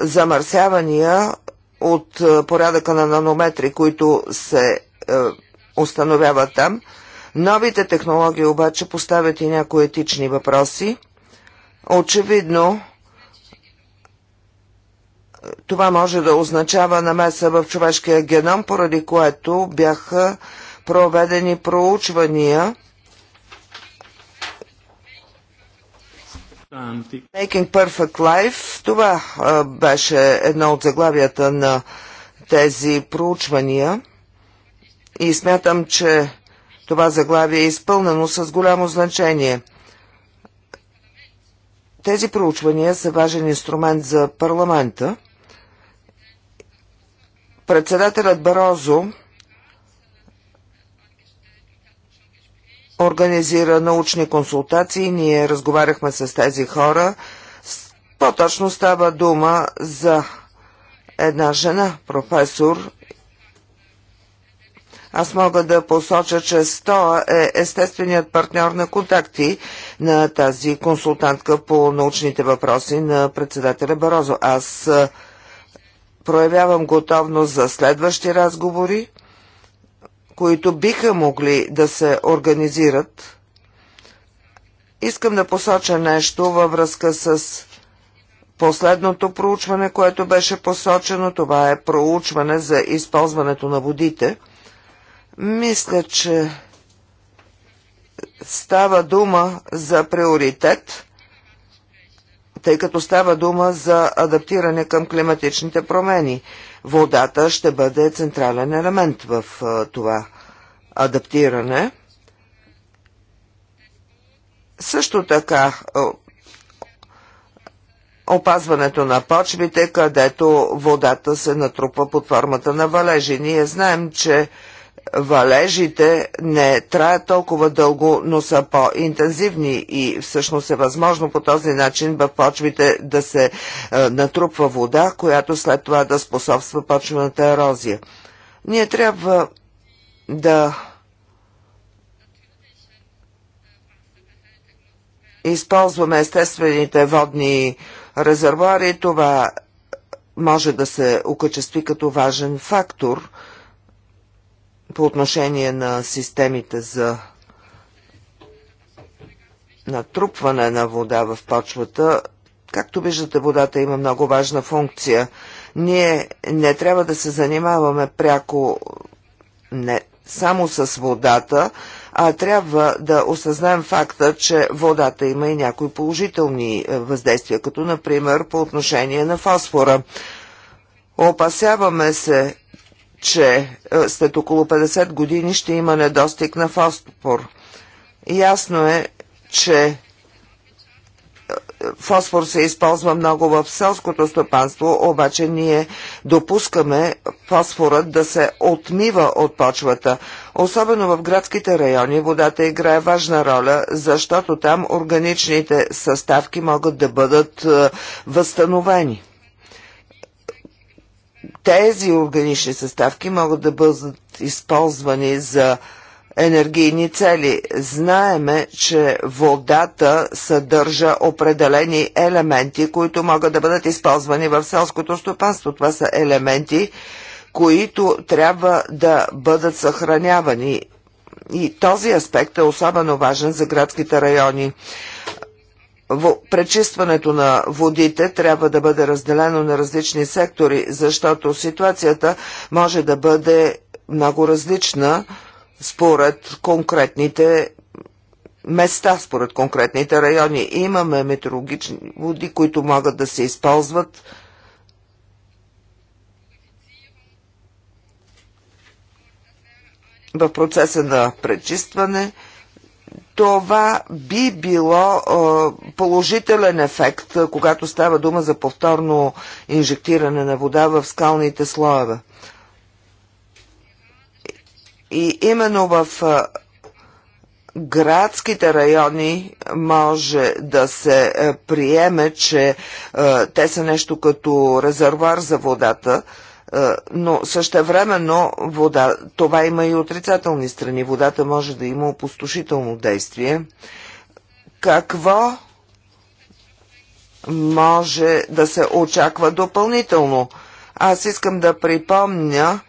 [SPEAKER 2] замърсявания от е, порядъка на нанометри, които се е, установяват там. Новите технологии обаче поставят и някои етични въпроси. Очевидно, това може да означава намеса в човешкия геном, поради което бяха проведени проучвания – Making Perfect Life, това а, беше една от заглавията на тези проучвания и смятам, че това заглавие е изпълнено с голямо значение. Тези проучвания са важен инструмент за парламента. Председателят Барозо организира научни консултации. Ние разговаряхме с тези хора. По-точно става дума за една жена, професор. Аз мога да посоча, че СТОА е естественият партньор на контакти на тази консултантка по научните въпроси на председателя Барозо. Аз проявявам готовност за следващи разговори които биха могли да се организират. Искам да посоча нещо във връзка с последното проучване, което беше посочено. Това е проучване за използването на водите. Мисля, че става дума за приоритет, тъй като става дума за адаптиране към климатичните промени водата ще бъде централен елемент в е, това адаптиране. Също така е, опазването на почвите, където водата се натрупва под формата на валежи. Ние знаем, че валежите не траят толкова дълго, но са по-интензивни и всъщност е възможно по този начин в почвите да се е, натрупва вода, която след това да способства почвената ерозия. Ние трябва да използваме естествените водни резервуари. Това може да се окачестви като важен фактор – по отношение на системите за натрупване на вода в почвата. Както виждате, водата има много важна функция. Ние не трябва да се занимаваме пряко не само с водата, а трябва да осъзнаем факта, че водата има и някои положителни е, въздействия, като например по отношение на фосфора. Опасяваме се че е, след около 50 години ще има недостиг на фосфор. Ясно е, че е, фосфор се използва много в селското стопанство, обаче ние допускаме фосфорът да се отмива от почвата. Особено в градските райони водата играе важна роля, защото там органичните съставки могат да бъдат е, възстановени тези органични съставки могат да бъдат използвани за енергийни цели. Знаеме, че водата съдържа определени елементи, които могат да бъдат използвани в селското стопанство. Това са елементи, които трябва да бъдат съхранявани. И този аспект е особено важен за градските райони пречистването на водите трябва да бъде разделено на различни сектори, защото ситуацията може да бъде много различна според конкретните места, според конкретните райони. имаме метеорологични води, които могат да се използват в процеса на пречистване – това би било а, положителен ефект, когато става дума за повторно инжектиране на вода в скалните слоеве. И именно в градските райони може да се приеме, че а, те са нещо като резервуар за водата, е, но същевременно вода, това има и отрицателни страни. Водата може да има опустошително действие. Какво може да се очаква допълнително? Аз искам да припомня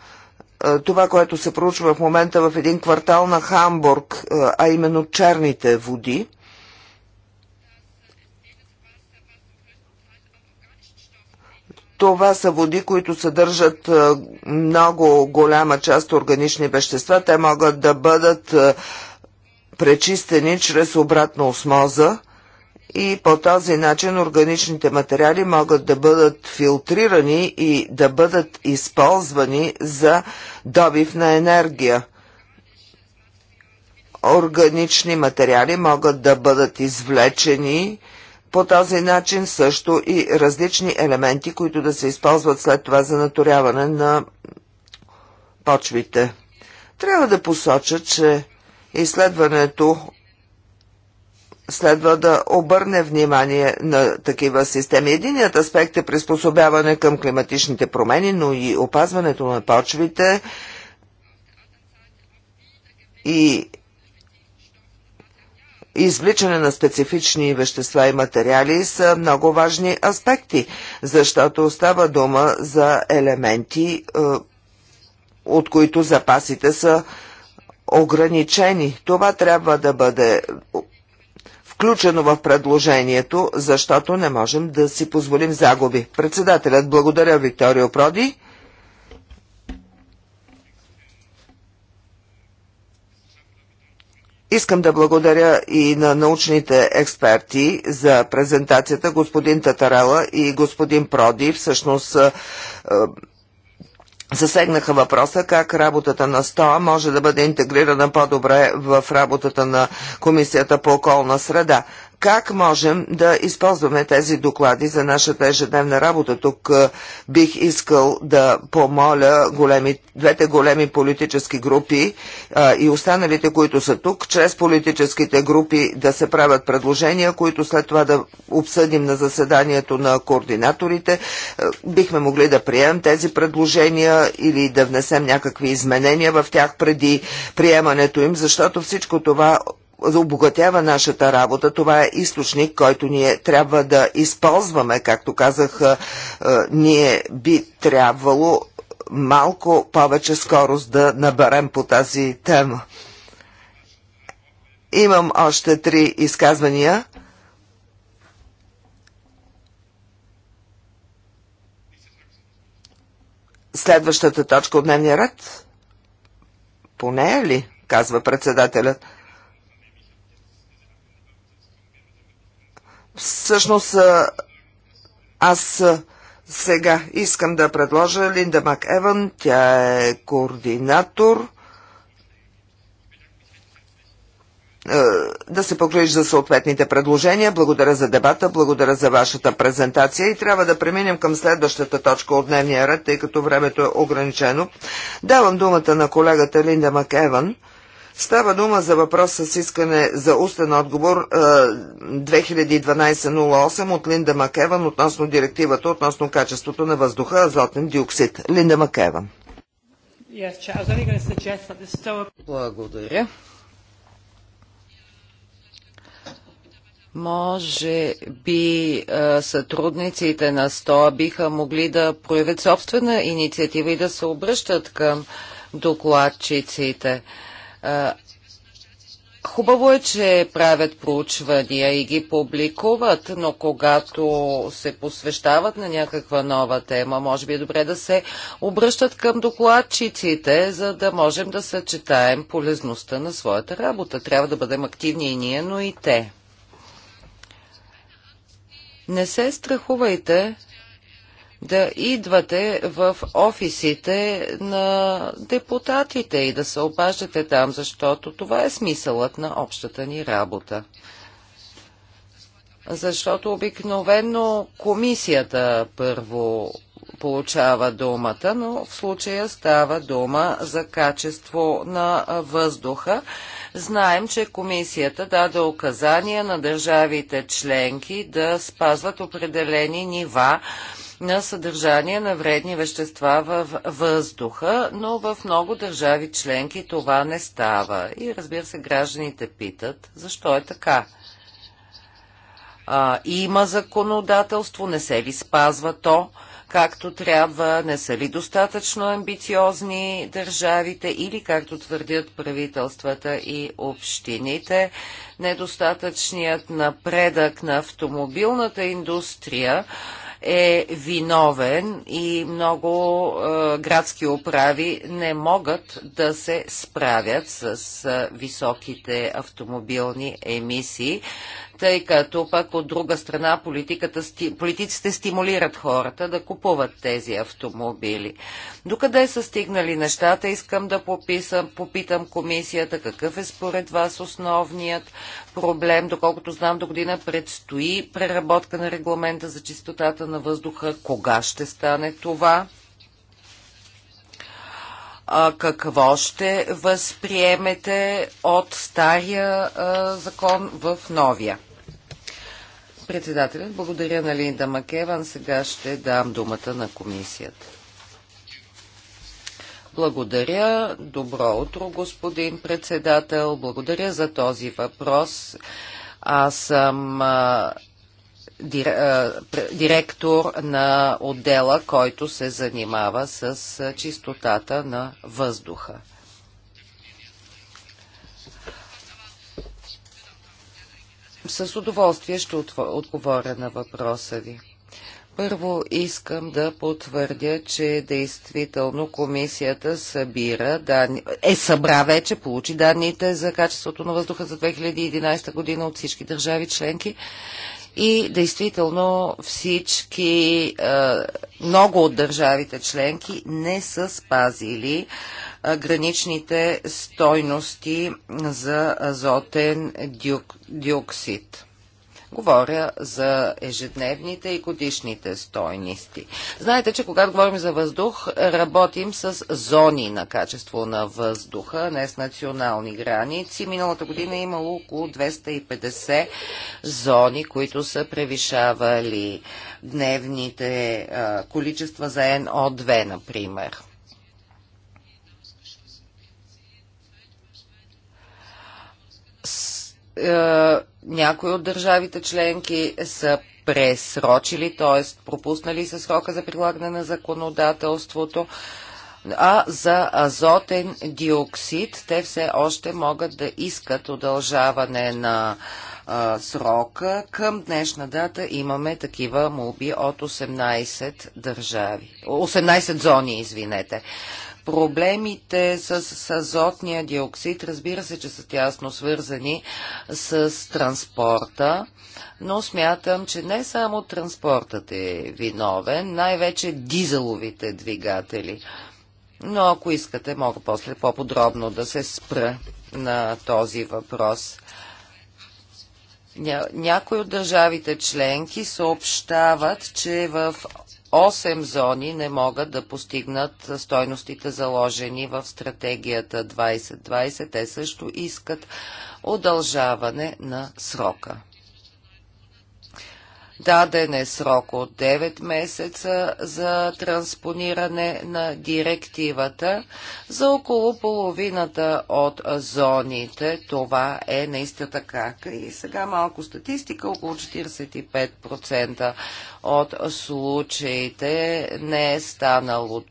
[SPEAKER 2] е, това, което се проучва в момента в един квартал на Хамбург, е, а именно черните води – Това са води, които съдържат е, много голяма част органични вещества. Те могат да бъдат е, пречистени чрез обратна осмоза и по този начин органичните материали могат да бъдат филтрирани и да бъдат използвани за добив на енергия. Органични материали могат да бъдат извлечени по този начин също и различни елементи, които да се използват след това за наторяване на почвите. Трябва да посоча, че изследването следва да обърне внимание на такива системи. Единият аспект е приспособяване към климатичните промени, но и опазването на почвите и извличане на специфични вещества и материали са много важни аспекти, защото става дума за елементи, е, от които запасите са ограничени. Това трябва да бъде включено в предложението, защото не можем да си позволим загуби. Председателят, благодаря Викторио Проди. Искам да благодаря и на научните експерти за презентацията, господин Татарела и господин Проди. Всъщност е, е, засегнаха въпроса как работата на СТОА може да бъде интегрирана по-добре в работата на Комисията по околна среда как можем да използваме тези доклади за нашата ежедневна работа. Тук е, бих искал да помоля големи, двете големи политически групи а, е, и останалите, които са тук, чрез политическите групи да се правят предложения, които след това да обсъдим на заседанието на координаторите. Е, бихме могли да приемем тези предложения или да внесем някакви изменения в тях преди приемането им, защото всичко това обогатява нашата работа. Това е източник, който ние трябва да използваме. Както казах, е, е, ние би трябвало малко повече скорост да наберем по тази тема. Имам още три изказвания. Следващата точка от дневния ред? Поне е ли? казва председателят. Всъщност, аз сега искам да предложа Линда МакЕван, тя е координатор да се погрижиш за съответните предложения. Благодаря за дебата, благодаря за вашата презентация и трябва да преминем към следващата точка от дневния ред, тъй като времето е ограничено. Давам думата на колегата Линда Макеван. Става дума за въпрос с искане за устен отговор 2012-08 е, от Линда Макеван относно директивата относно качеството на въздуха азотен диоксид. Линда Макеван.
[SPEAKER 4] Благодаря. Може би е, сътрудниците на СТОА биха могли да проявят собствена инициатива и да се обръщат към докладчиците. Хубаво е, че правят проучвания и ги публикуват, но когато се посвещават на някаква нова тема, може би е добре да се обръщат към докладчиците, за да можем да съчетаем полезността на своята работа. Трябва да бъдем активни и ние, но и те. Не се страхувайте да идвате в офисите на депутатите и да се обаждате там, защото това е смисълът на общата ни работа. Защото обикновено комисията първо получава думата, но в случая става дума за качество на въздуха. Знаем, че комисията даде указания на държавите членки да спазват определени нива на съдържание на вредни вещества във въздуха, но в много държави членки това не става. И разбира се, гражданите питат, защо е така. А, има законодателство, не се ли спазва то както трябва, не са ли достатъчно амбициозни държавите или, както твърдят правителствата и общините, недостатъчният напредък на автомобилната индустрия е виновен и много е, градски управи не могат да се справят с е, високите автомобилни емисии, тъй като пък от друга страна политиците стимулират хората да купуват тези автомобили. Докъде са стигнали нещата, искам да пописам, попитам комисията какъв е според вас основният проблем. Доколкото знам, до година предстои преработка на регламента за чистотата на въздуха. Кога ще стане това? а, какво ще възприемете от стария а, закон в новия. Председателят, благодаря нали, на Линда Макеван. Сега ще дам думата на комисията. Благодаря. Добро утро, господин председател. Благодаря за този въпрос. Аз съм директор на отдела, който се занимава с чистотата на въздуха. С удоволствие ще отговоря на въпроса ви. Първо искам да потвърдя, че действително комисията събира данни, е събра вече, получи данните за качеството на въздуха за 2011 година от всички държави членки и действително всички, е, много от държавите членки не са спазили е, граничните стойности за азотен диоксид. Говоря за ежедневните и годишните стойности. Знаете, че когато говорим за въздух, работим с зони на качество на въздуха, не с национални граници. Миналата година е имало около 250 зони, които са превишавали дневните а, количества за НО2, например. Е, някои от държавите членки са пресрочили, т.е. пропуснали се срока за прилагане на законодателството, а за азотен диоксид те все още могат да искат удължаване на а, срока. Към днешна дата имаме такива молби от 18 държави. 18 зони, извинете. Проблемите с, с азотния диоксид, разбира се, че са тясно свързани с транспорта, но смятам, че не само транспортът е виновен, най-вече дизеловите двигатели. Но ако искате, мога после по-подробно да се спра на този въпрос. Някои от държавите членки съобщават, че в 8 зони не могат да постигнат стойностите заложени в стратегията 2020. Те също искат удължаване на срока. Даден е срок от 9 месеца за транспониране на директивата. За около половината от зоните това е наистина така. И сега малко статистика, около 45% от случаите не е станало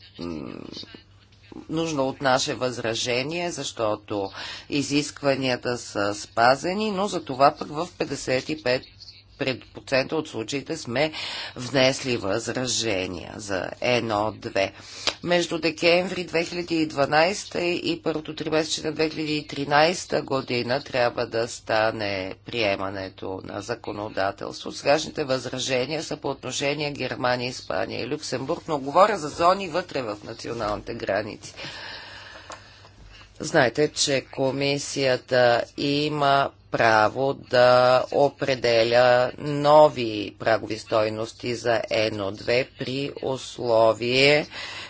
[SPEAKER 4] нужно от наше възражение, защото изискванията са спазени, но за това пък в 55 5% от случаите сме внесли възражения за 1-2. Между декември 2012 и първото три месече на 2013 година трябва да стане приемането на законодателство. Сегашните възражения са по отношение Германия, Испания и Люксембург, но говоря за зони вътре в националните граници. Знаете, че комисията има право да определя нови прагови стойности за НО2 при условие,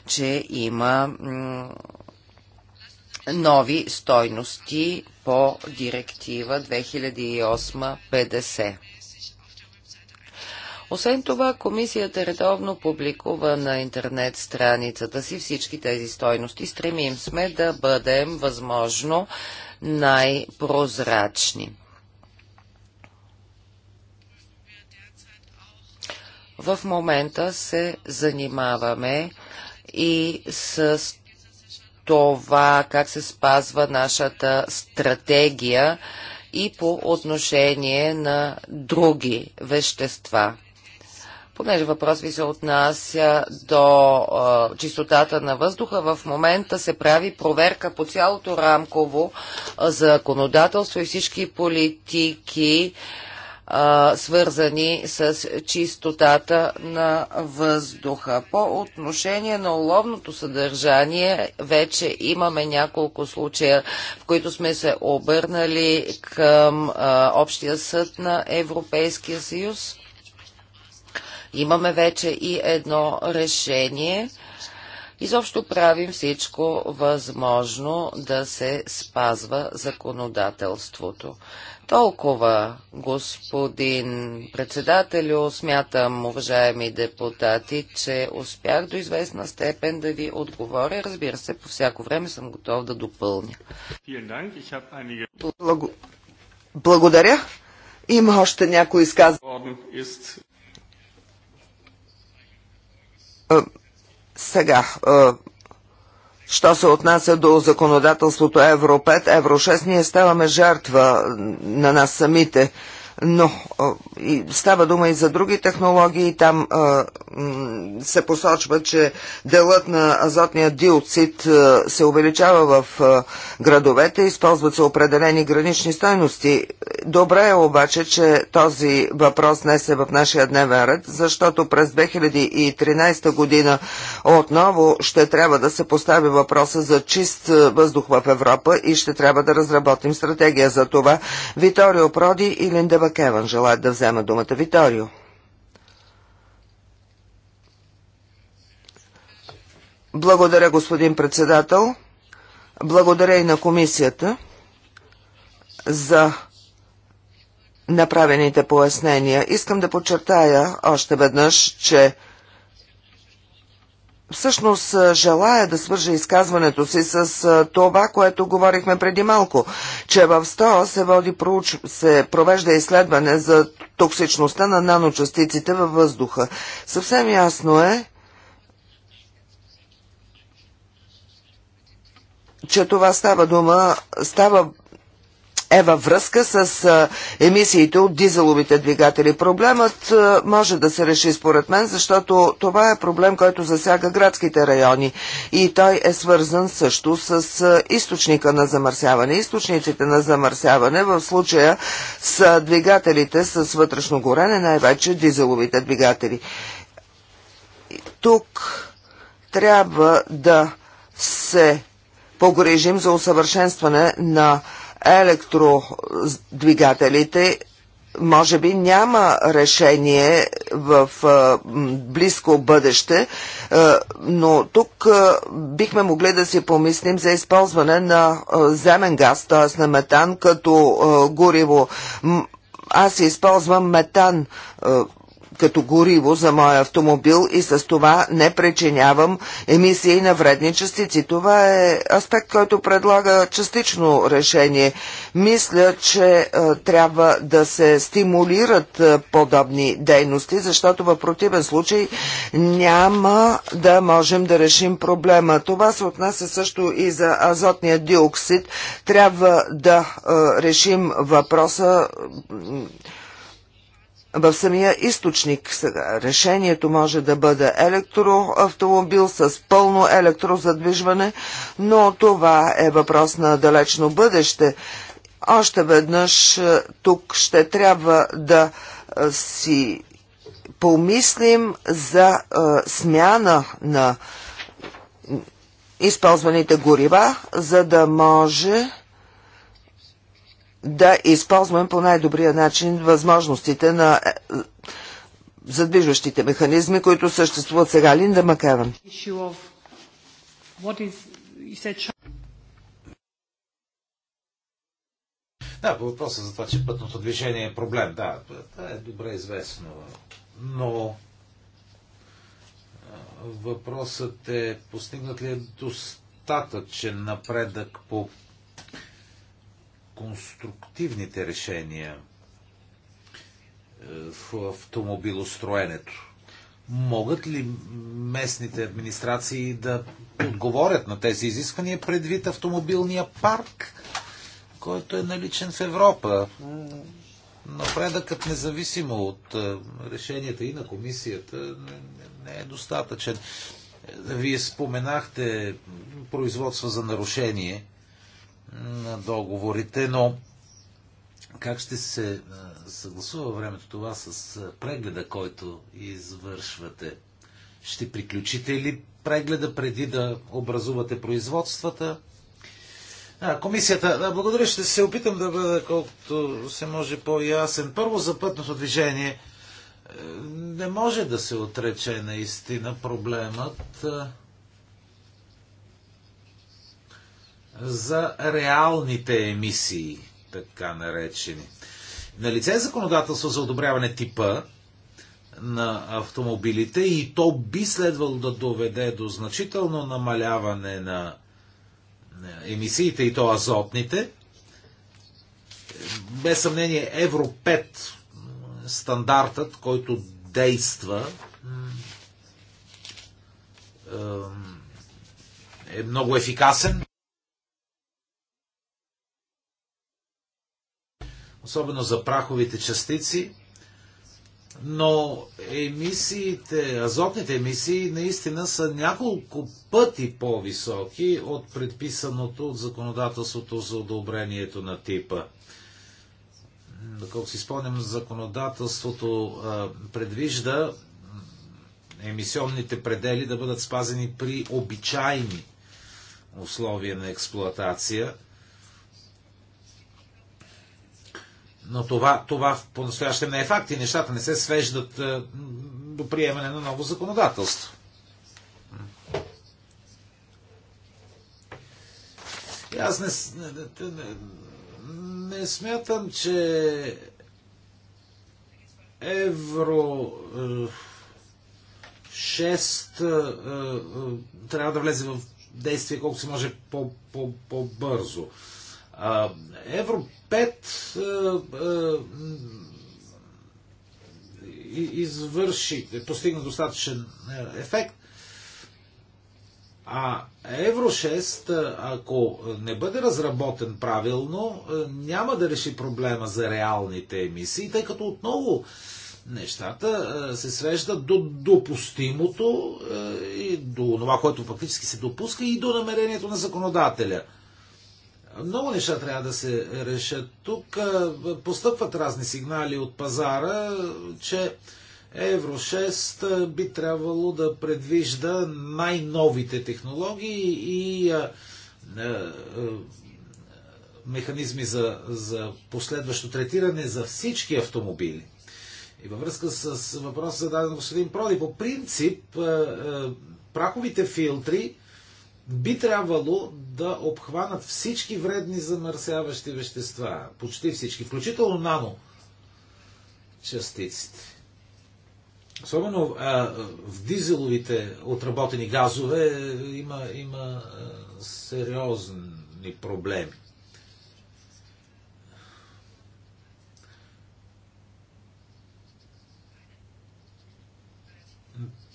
[SPEAKER 4] че има нови стойности по директива 2008-50. Освен това, комисията редовно публикува на интернет страницата си всички тези стойности. Стремим сме да бъдем възможно най-прозрачни. В момента се занимаваме и с това как се спазва нашата стратегия и по отношение на други вещества. Понеже въпрос ви се отнася до а, чистотата на въздуха, в момента се прави проверка по цялото рамково законодателство и всички политики, а, свързани с чистотата на въздуха. По отношение на уловното съдържание, вече имаме няколко случая, в които сме се обърнали към а, Общия съд на Европейския съюз Имаме вече и едно решение. Изобщо правим всичко възможно да се спазва законодателството. Толкова, господин председателю, смятам, уважаеми депутати, че успях до известна степен да ви отговоря.
[SPEAKER 2] Разбира се, по всяко време съм готов да допълня. Благодаря. Има още някои изказвания. Е, сега, е, Що се отнася до законодателството Евро 5, Евро 6, ние ставаме жертва на нас самите но и става дума и за други технологии. Там а, се посочва, че делът на азотния диоцид а, се увеличава в а, градовете, използват се определени гранични стойности. Добре е обаче, че този въпрос не се в нашия дневен ред, защото през 2013 година отново ще трябва да се постави въпроса за чист въздух в Европа и ще трябва да разработим стратегия за това. Виторио Проди и Линдева Макеван желаят да взема думата. Виторио. Благодаря, господин председател. Благодаря и на комисията за направените пояснения. Искам да подчертая още веднъж, че всъщност желая да свържа изказването си с това, което говорихме преди малко, че в СТО се, води, проуч... се провежда изследване за токсичността на наночастиците във въздуха. Съвсем ясно е, че това става дума, става е във връзка с емисиите от дизеловите двигатели. Проблемът може да се реши според мен, защото това е проблем, който засяга градските райони и той е свързан също с източника на замърсяване. Източниците на замърсяване в случая с двигателите с вътрешно горене, най-вече дизеловите двигатели. Тук трябва да се погрежим за усъвършенстване на електродвигателите може би няма решение в а, близко бъдеще, а, но тук а, бихме могли да си помислим за използване на земен газ, т.е. на метан, като гориво. Аз използвам метан като гориво за моя автомобил и с това не причинявам емисии на вредни частици. Това е аспект, който предлага частично решение. Мисля, че е, трябва да се стимулират е, подобни дейности, защото в противен случай няма да можем да решим проблема. Това се отнася също и за азотния диоксид. Трябва да е, решим въпроса в самия източник. Сега, решението може да бъде електроавтомобил с пълно електрозадвижване, но това е въпрос на далечно бъдеще. Още веднъж е, тук ще трябва да е, си помислим за е, смяна на използваните горива, за да може да използваме по най-добрия начин възможностите на е, задвижващите механизми, които съществуват сега. Линда Макеван. Да, по
[SPEAKER 3] въпроса за това, че пътното движение е проблем, да, това е добре известно. Но въпросът е, постигнат ли е достатъчен напредък по конструктивните решения е, в автомобилостроенето. Могат ли местните администрации да отговорят на тези изисквания предвид автомобилния парк, който е наличен в Европа? Напредъкът, независимо от е, решенията и на комисията, не е достатъчен. Е, вие споменахте производства за нарушение на договорите, но как ще се е, съгласува времето това с е, прегледа, който извършвате? Ще приключите ли прегледа преди да образувате производствата? А, комисията, да, благодаря, ще се опитам да бъда колкото се може по-ясен. Първо за пътното движение. Е, не може да се отрече наистина проблемът за реалните емисии, така наречени. На лице е законодателство за одобряване типа на автомобилите и то би следвало да доведе до значително намаляване на емисиите и то азотните. Без съмнение Евро 5 стандартът, който действа е много ефикасен. особено за праховите частици, но емисиите, азотните емисии наистина са няколко пъти по-високи от предписаното от законодателството за одобрението на типа. Доколко си спомням, законодателството а, предвижда емисионните предели да бъдат спазени при обичайни условия на експлоатация – Но това, това по-настоящем не е факт и нещата не се свеждат е, до приемане на ново законодателство. И аз не, не, не, не смятам, че евро 6 е, е, трябва да влезе в действие колкото се може по-бързо. -по -по Евро 5 извърши, постигна достатъчен ефект. А Евро 6, ако не бъде разработен правилно, няма да реши проблема за реалните емисии, тъй като отново нещата се свеждат до допустимото и до това, което фактически се допуска и до намерението на законодателя – много неща трябва да се решат. Тук постъпват разни сигнали от пазара, че Евро 6 би трябвало да предвижда най-новите технологии и механизми за, за последващо третиране за всички автомобили. И във връзка с въпроса зададен господин Проди, по принцип праковите праховите филтри би трябвало да обхванат всички вредни замърсяващи вещества, почти всички, включително нано частиците. Особено а, в дизеловите отработени газове има, има сериозни проблеми.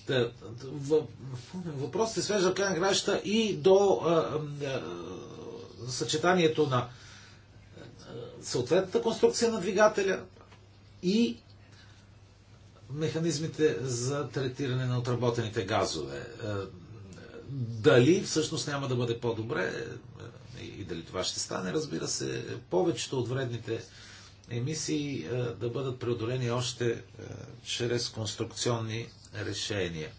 [SPEAKER 3] Е, въпросът се свежда в крайна граща и до съчетанието на съответната конструкция на двигателя и механизмите за третиране на отработените газове. Е, дали всъщност няма да бъде по-добре е, и дали това ще стане, разбира се, повечето от вредните емисии да бъдат преодолени още чрез конструкционни решения.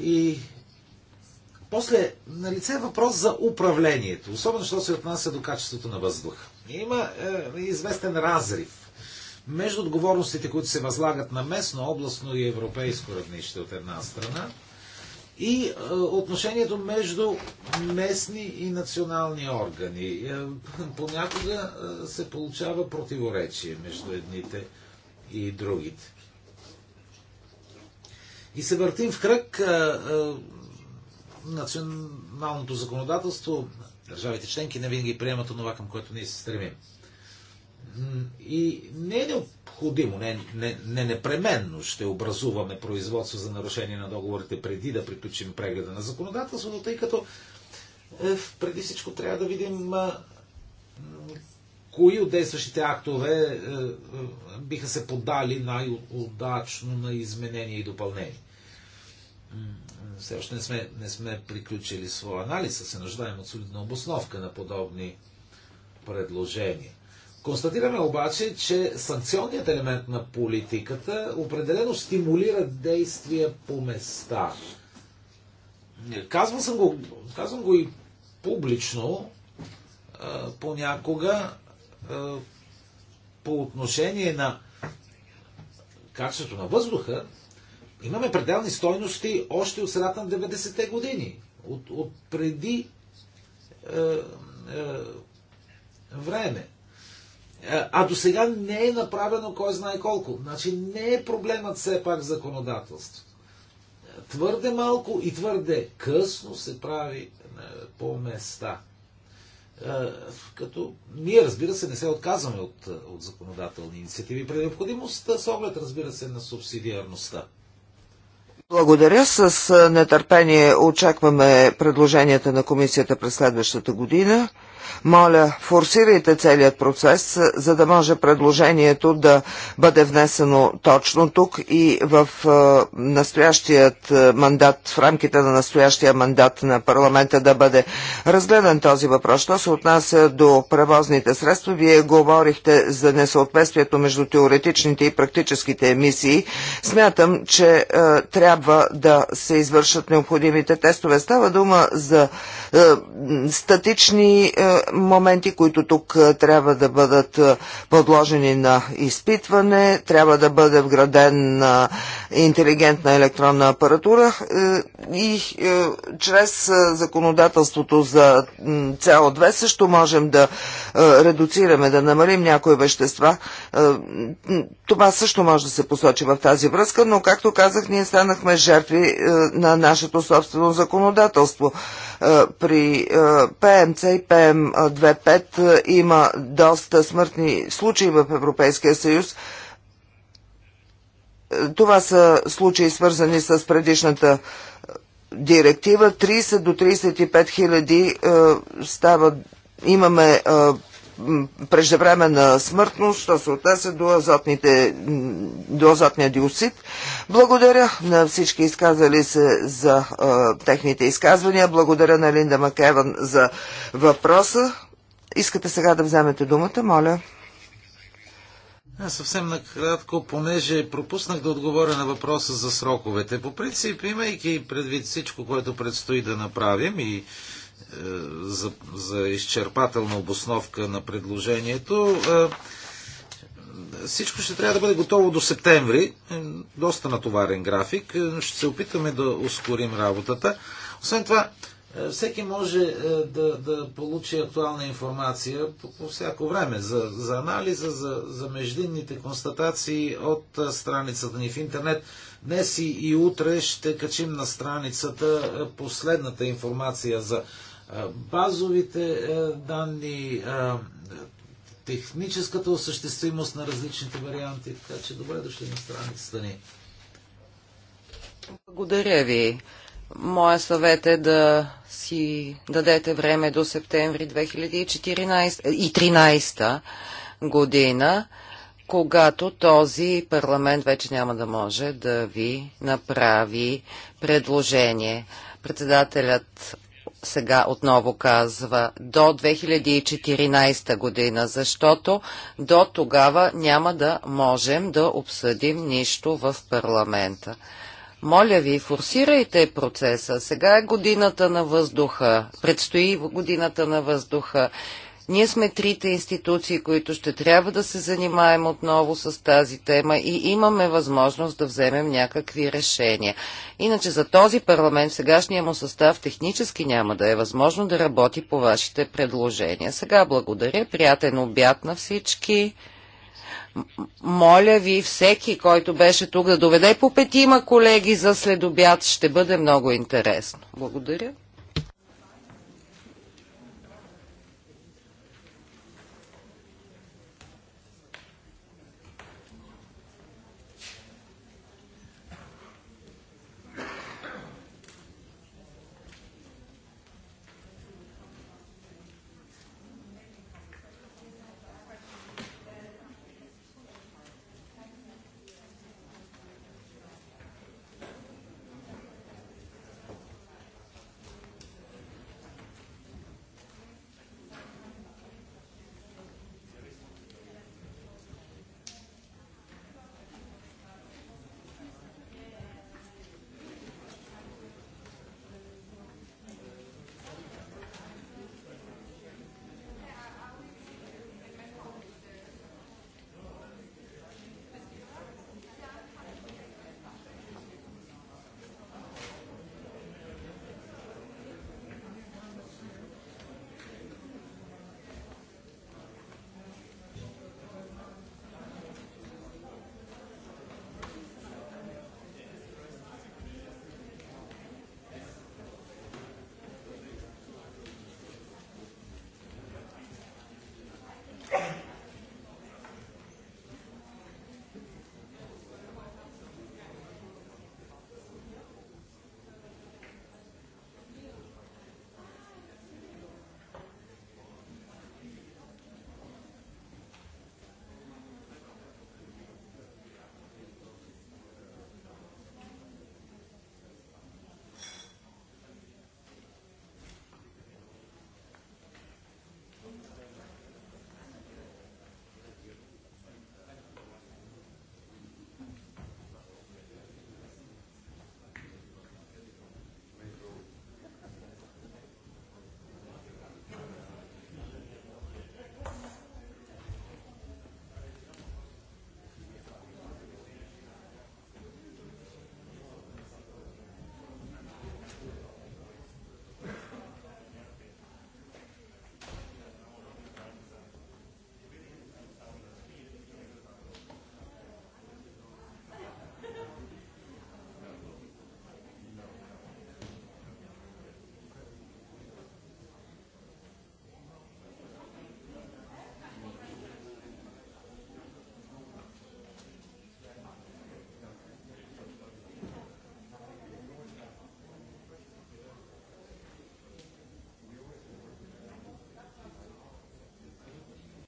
[SPEAKER 3] И после, на лице е въпрос за управлението, особено що се отнася до качеството на въздуха. Има е, известен разрив между отговорностите, които се възлагат на местно, областно и европейско равнище от една страна, и е, отношението между местни и национални органи. Е, понякога е, се получава противоречие между едните и другите. И се въртим в кръг националното законодателство. Държавите членки не винаги приемат онова, към което ние се стремим. И не е необходимо, не, не, не непременно ще образуваме производство за нарушение на договорите преди да приключим прегледа на законодателството, тъй като е, преди всичко трябва да видим кои от действащите актове е, е биха се подали най-удачно на изменение и допълнение. Все още не сме, не сме приключили своя анализ, а се нуждаем от солидна обосновка на подобни предложения. Констатираме обаче, че санкционният елемент на политиката определено стимулира действия по места. Казвам, съм го, казвам го и публично а, понякога а, по отношение на качеството на въздуха, имаме пределни стойности още от средата на 90-те години, от, от преди е, е, време. Е, а до сега не е направено кой знае колко. Значи не е проблемът все пак в законодателството. Твърде малко и твърде късно се прави е, по места. Е, като ние, разбира се, не се отказваме от, от законодателни инициативи при необходимост, с оглед, разбира се, на субсидиарността.
[SPEAKER 2] Благодаря. С нетърпение очакваме предложенията на комисията през следващата година. Моля, форсирайте целият процес, за да може предложението да бъде внесено точно тук и в е, настоящият е, мандат, в рамките на настоящия мандат на парламента да бъде разгледан този въпрос. Що се отнася до превозните средства, вие говорихте за несъответствието между теоретичните и практическите емисии. Смятам, че е, трябва да се извършат необходимите тестове. Става дума за статични моменти, които тук трябва да бъдат подложени на изпитване, трябва да бъде вграден на интелигентна електронна апаратура е, и е, чрез законодателството за CO2 също можем да е, редуцираме, да намалим някои вещества. Това също може да се посочи в тази връзка, но както казах, ние станахме жертви на нашето собствено законодателство. Е, при е, ПМЦ и ПМ25 има доста смъртни случаи в Европейския съюз. Това са случаи свързани с предишната директива. 30 до 35 хиляди е, става имаме преждевременна смъртност, що се отнесе до, азотните, до азотния диосид. Благодаря на всички изказали се за а, техните изказвания. Благодаря на Линда Макеван за въпроса. Искате сега да вземете думата, моля.
[SPEAKER 3] Аз съвсем накратко, понеже пропуснах да отговоря на въпроса за сроковете. По принцип, имайки предвид всичко, което предстои да направим и за, за изчерпателна обосновка на предложението. Е, всичко ще трябва да бъде готово до септември. Е, доста натоварен график. Е, ще се опитаме да ускорим работата. Освен това, всеки може да, да получи актуална информация по, по всяко време за, за анализа, за, за междинните констатации от страницата ни в интернет. Днес и, и утре ще качим на страницата последната информация за базовите данни, техническата осъществимост на различните варианти, така че добре дошли на страницата ни.
[SPEAKER 4] Благодаря ви. Моя съвет е да си дадете време до септември 2014 и 2013 година, когато този парламент вече няма да може да ви направи предложение. Председателят сега отново казва, до 2014 година, защото до тогава няма да можем да обсъдим нищо в парламента. Моля ви, форсирайте процеса. Сега е годината на въздуха. Предстои годината на въздуха. Ние сме трите институции, които ще трябва да се занимаем отново с тази тема и имаме възможност да вземем някакви решения. Иначе за този парламент, сегашния му състав, технически няма да е възможно да работи по вашите предложения. Сега благодаря, приятен обяд на всички. Моля ви, всеки, който беше тук, да доведе по петима колеги за следобяд. Ще бъде много интересно. Благодаря.